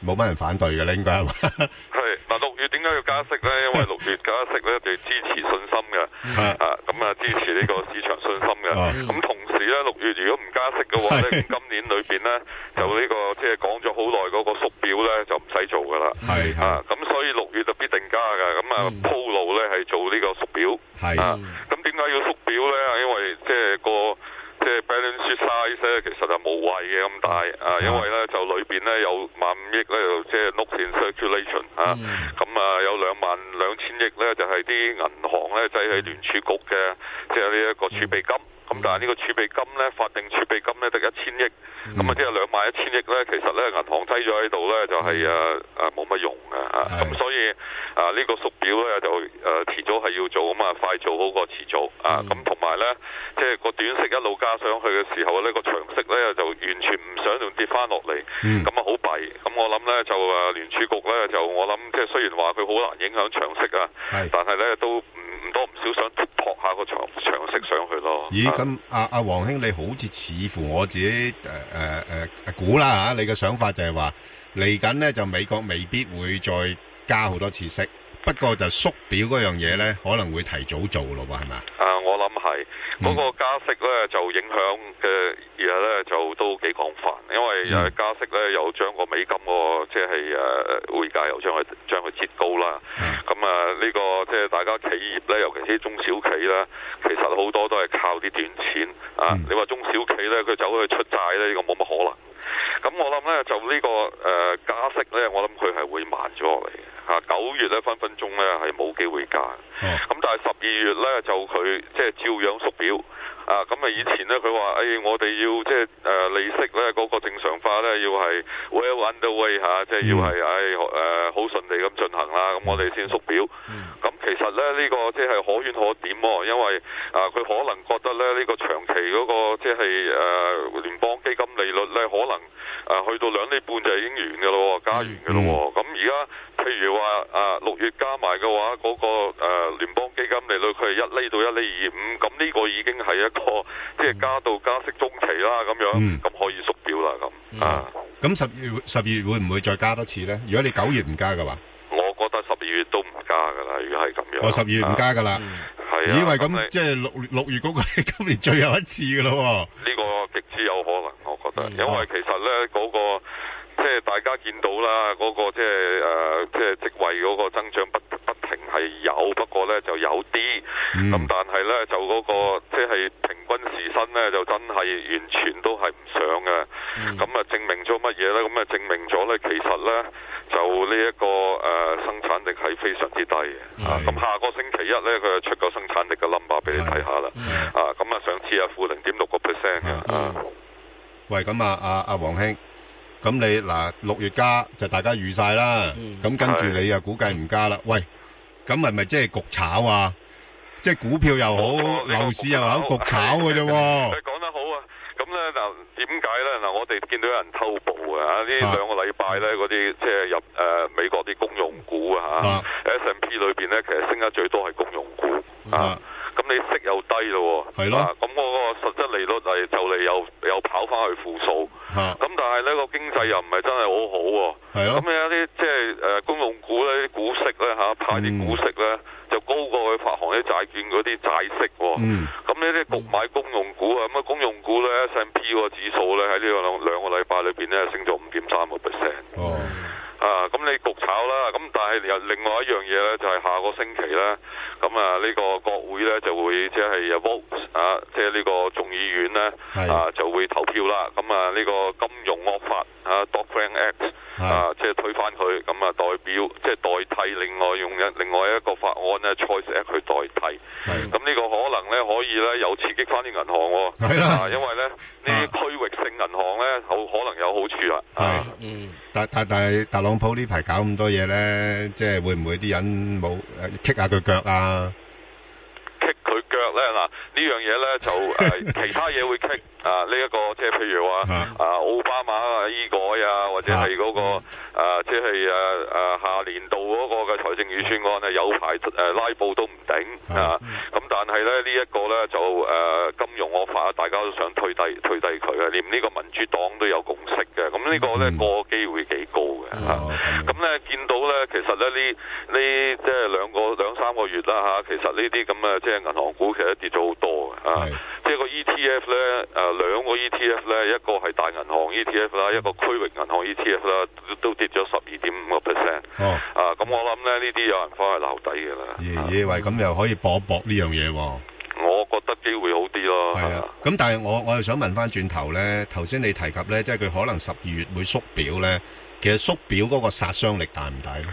冇乜人反對嘅，你應該係嘛？係嗱，六月點解要加息咧？因為六月加息咧，就支持信心嘅，啊咁 啊，支持呢個市場信心嘅。咁 同時咧，六月如果唔加息嘅話咧， 今年裏邊咧就呢個即係講咗好耐嗰個縮表咧，就唔使做噶啦。係 啊，咁 所以六月就必定加嘅，咁啊鋪路咧係做呢個縮表。係 啊，咁點解要縮表咧？因為即係個。即係 balance sheet size 咧，其實就冇謂嘅咁大啊，因為咧就裏邊咧有萬五億咧，即係 notes in circulation 啊，咁啊有兩萬兩千億咧，就係啲銀行咧擠喺聯儲局嘅即係呢一個儲備金。 咁但係呢個儲備金呢，法定儲備金呢，得一千億，咁啊即係兩萬一千億呢，其實呢銀行低咗喺度呢，就係誒誒冇乜用嘅，咁、嗯啊、所以啊呢、這個縮表呢，就誒遲、啊、早係要做，咁啊快做好過遲早、嗯、啊咁同埋呢，即係個短息一路加上去嘅時候呢、這個長息呢，就完全唔想仲跌翻落嚟，咁啊好弊，咁、嗯嗯、我諗呢，就誒聯儲局呢，就我諗即係雖然話佢好難影響長息啊，但係是呢，都唔唔多唔少想突破下個長息上去咯。咯咯咁阿阿鄺兄，你好似似乎我自己誒誒誒估啦嚇、啊，你嘅想法就係話嚟緊呢，就美國未必會再加好多次息，不過就縮表嗰樣嘢呢，可能會提早做咯喎，係咪？啊，我諗係。嗰、嗯、個加息咧就影響嘅嘢咧就都幾廣泛，因為誒加息咧又將個美金個即係誒匯價又將佢將佢折高啦。咁啊、嗯，呢、這個即係、就是、大家企業咧，尤其是中小企咧，其實好多都係靠啲短錢啊。嗯、你話中小企咧，佢走去出債咧，呢個冇乜可能。咁我諗咧就呢、呢個誒、呃、加息咧，我諗佢係會慢咗落嚟吓。九月咧分分鐘咧係冇機會加，咁、嗯、但係十二月咧就佢即係照樣縮表。啊，咁咪以前咧，佢話，哎，我哋要即係誒利息咧，嗰、這個正常化咧，要係 well underway 吓，即係要係誒誒好順利咁進行啦，咁、嗯、我哋先縮表。咁、嗯嗯啊、其實咧，呢、這個即係可圈可點、哦，因為啊，佢可能覺得咧，呢、這個長期嗰個即係誒聯邦基金利率咧，可能誒、啊、去到兩釐半就已經完噶咯，加完噶咯。咁而家。譬如話啊，六、呃、月加埋嘅話，嗰、那個誒聯、呃、邦基金利率佢係一釐到一釐二五，咁呢個已經係一個即係、就是、加到加息中期啦，咁樣，咁、嗯、可以縮表啦，咁、嗯、啊，咁十月十月會唔會再加多次呢？如果你九月唔加嘅話，我覺得十二月都唔加噶啦，如果係咁樣，我、哦、十二月唔加噶啦，係啊，以、嗯嗯啊、為咁即係六六月嗰、那個係 今年最後一次噶咯，呢個極之有可能，我覺得，因為其實呢，嗰、那個。即係大家見到啦，嗰、那個即係誒，即係職位嗰個增長不不停係有，不過咧就有啲，咁但係咧就嗰、那個即係、就是、平均時薪咧就真係完全都係唔上嘅。咁啊，證明咗乜嘢咧？咁啊，證明咗咧，其實咧就呢、這、一個誒、呃、生產力係非常之低嘅。是啊，咁下個星期一咧佢就出個生產力嘅 number 俾你睇下啦。啊，咁啊上次啊負零點六個 percent 嘅。嗯。喂，咁啊，阿阿黃兄。啊啊咁你嗱六月加就大家預曬啦，咁跟住你又估計唔加啦，喂，咁係咪即係局炒啊？即係股票又好，樓市又好，局炒嘅啫喎。講得好啊，咁咧嗱點解咧嗱？我哋見到有人偷步啊！呢兩個禮拜咧嗰啲即係入誒美國啲公用股啊，S&P 裏邊咧其實升得最多係公用股啊。咁你息又低、哦、咯，係咯、啊，咁我個實質利率就嚟又又跑翻去負數，咁哈但係呢個經濟又唔係真係好好、哦，咁咯有啲即係誒公用股呢啲股息呢，吓派啲股息呢，嗯、就高過佢發行啲債券嗰啲債息、哦，咁呢啲局買公用股，咁啊公用股呢 S&P 嗰個指數呢，喺呢個兩兩個禮拜裏邊呢，升咗五點三個 percent。哦啊，咁你焗炒啦，咁但係又另外一樣嘢咧，就係、是、下個星期咧，咁啊呢、這個國會咧就會即係啊 vote 啊，即係呢個眾議院咧是啊就會投票啦。咁啊呢、這個金融惡法啊 Dodd-Frank Act 啊，即係是、啊就是、推翻佢，咁、嗯、啊代表即係、就是、代替另外用另外一個法案咧 Choice Act、啊、去代替。咁呢是、啊這個可能咧可以咧又刺激翻啲銀行係、哦、啦啊，因為咧呢啲區域性銀行咧好、哦、可能有好處啦。係，啊、嗯，但但但係大佬。特朗普呢排搞咁多嘢咧，即係會唔會啲人冇誒棘下佢腳啊？棘佢。腳咧嗱，呢樣嘢咧就誒，其他嘢會傾啊，呢一個即係譬如話啊，奧巴馬啊，醫改呀，或者係嗰個即係誒誒，下年度嗰個嘅財政預算案咧，有排誒拉布都唔頂啊。咁但係咧呢一個咧就誒金融惡化，大家都想退低退低佢啊，連呢個民主黨都有共識嘅。咁呢個咧，個機會幾高嘅嚇。咁咧見到咧，其實咧呢呢即係兩個兩三個月啦嚇，其實呢啲咁嘅即係銀行。其實跌咗好多係啊，即係個 ETF 咧，誒兩個 ETF 咧，一個係大銀行 ETF 啦，一個區域銀行 ETF 啦，都跌咗十二點五個 percent。哦，啊，咁我諗咧，呢啲有人翻去留底嘅啦。咦、欸？咦、欸？喂，咁又可以搏一搏呢樣嘢喎？我覺得機會好啲咯。係啊，咁、啊啊、但係我我又想問翻轉頭咧，頭先你提及咧，即係佢可能十二月會縮表咧，其實縮表嗰個殺傷力大唔大咧？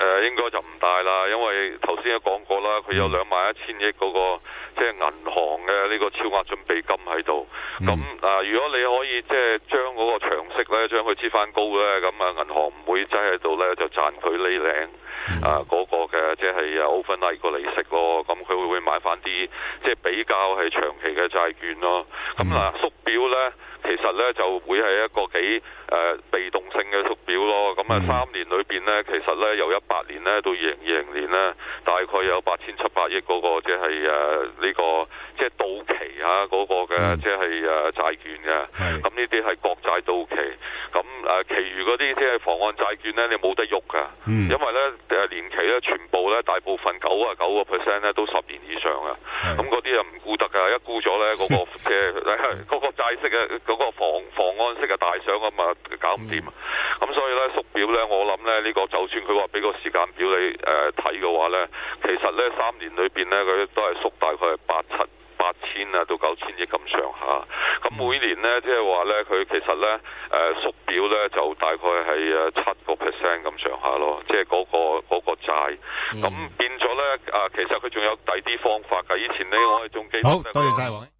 誒、呃、應該就唔大啦，因為頭先講過啦，佢、嗯、有兩萬一千億嗰、那個即係銀行嘅呢個超額準備金喺度。咁嗱、嗯呃，如果你可以即係將嗰個長息咧，將佢擠翻高咧，咁啊銀行唔會擠喺度咧，就賺佢呢領啊嗰個嘅即係啊歐分利個利息咯。咁佢會唔會買翻啲即係比較係長期嘅債券咯。咁嗱縮表咧。 其實咧就會係一個幾誒、呃、被動性嘅縮表咯。咁啊三年裏邊咧，其實咧由一八年咧到二零二零年咧，大概有八千七百億嗰、那個即係誒呢個即係、就是、到期嚇、啊、嗰、那個嘅即係誒債券嘅。咁呢啲係國債到期。咁誒，其餘餘嗰啲即係房按債券咧，你冇得喐噶。嗯、因為咧誒年期咧全部咧大部分九十九個 percent 咧都十年以上啊。咁嗰啲又唔沽得噶，一沽咗咧嗰個即係嗰個債息啊！嗰個防防按息啊大相，咁啊，搞唔掂。咁所以咧縮表咧，我諗咧呢個就算佢話俾個時間表你誒睇嘅話咧，其實咧三年裏邊咧佢都係縮大概係八七八千啊到九千億咁上下。咁、嗯、每年咧即係話咧佢其實咧誒、呃、縮表咧就大概係誒七個 percent 咁上下咯。即係嗰個嗰、那個那個、債咁、嗯、變咗咧啊！其實佢仲有第啲方法㗎。以前咧我哋仲記得好謝謝。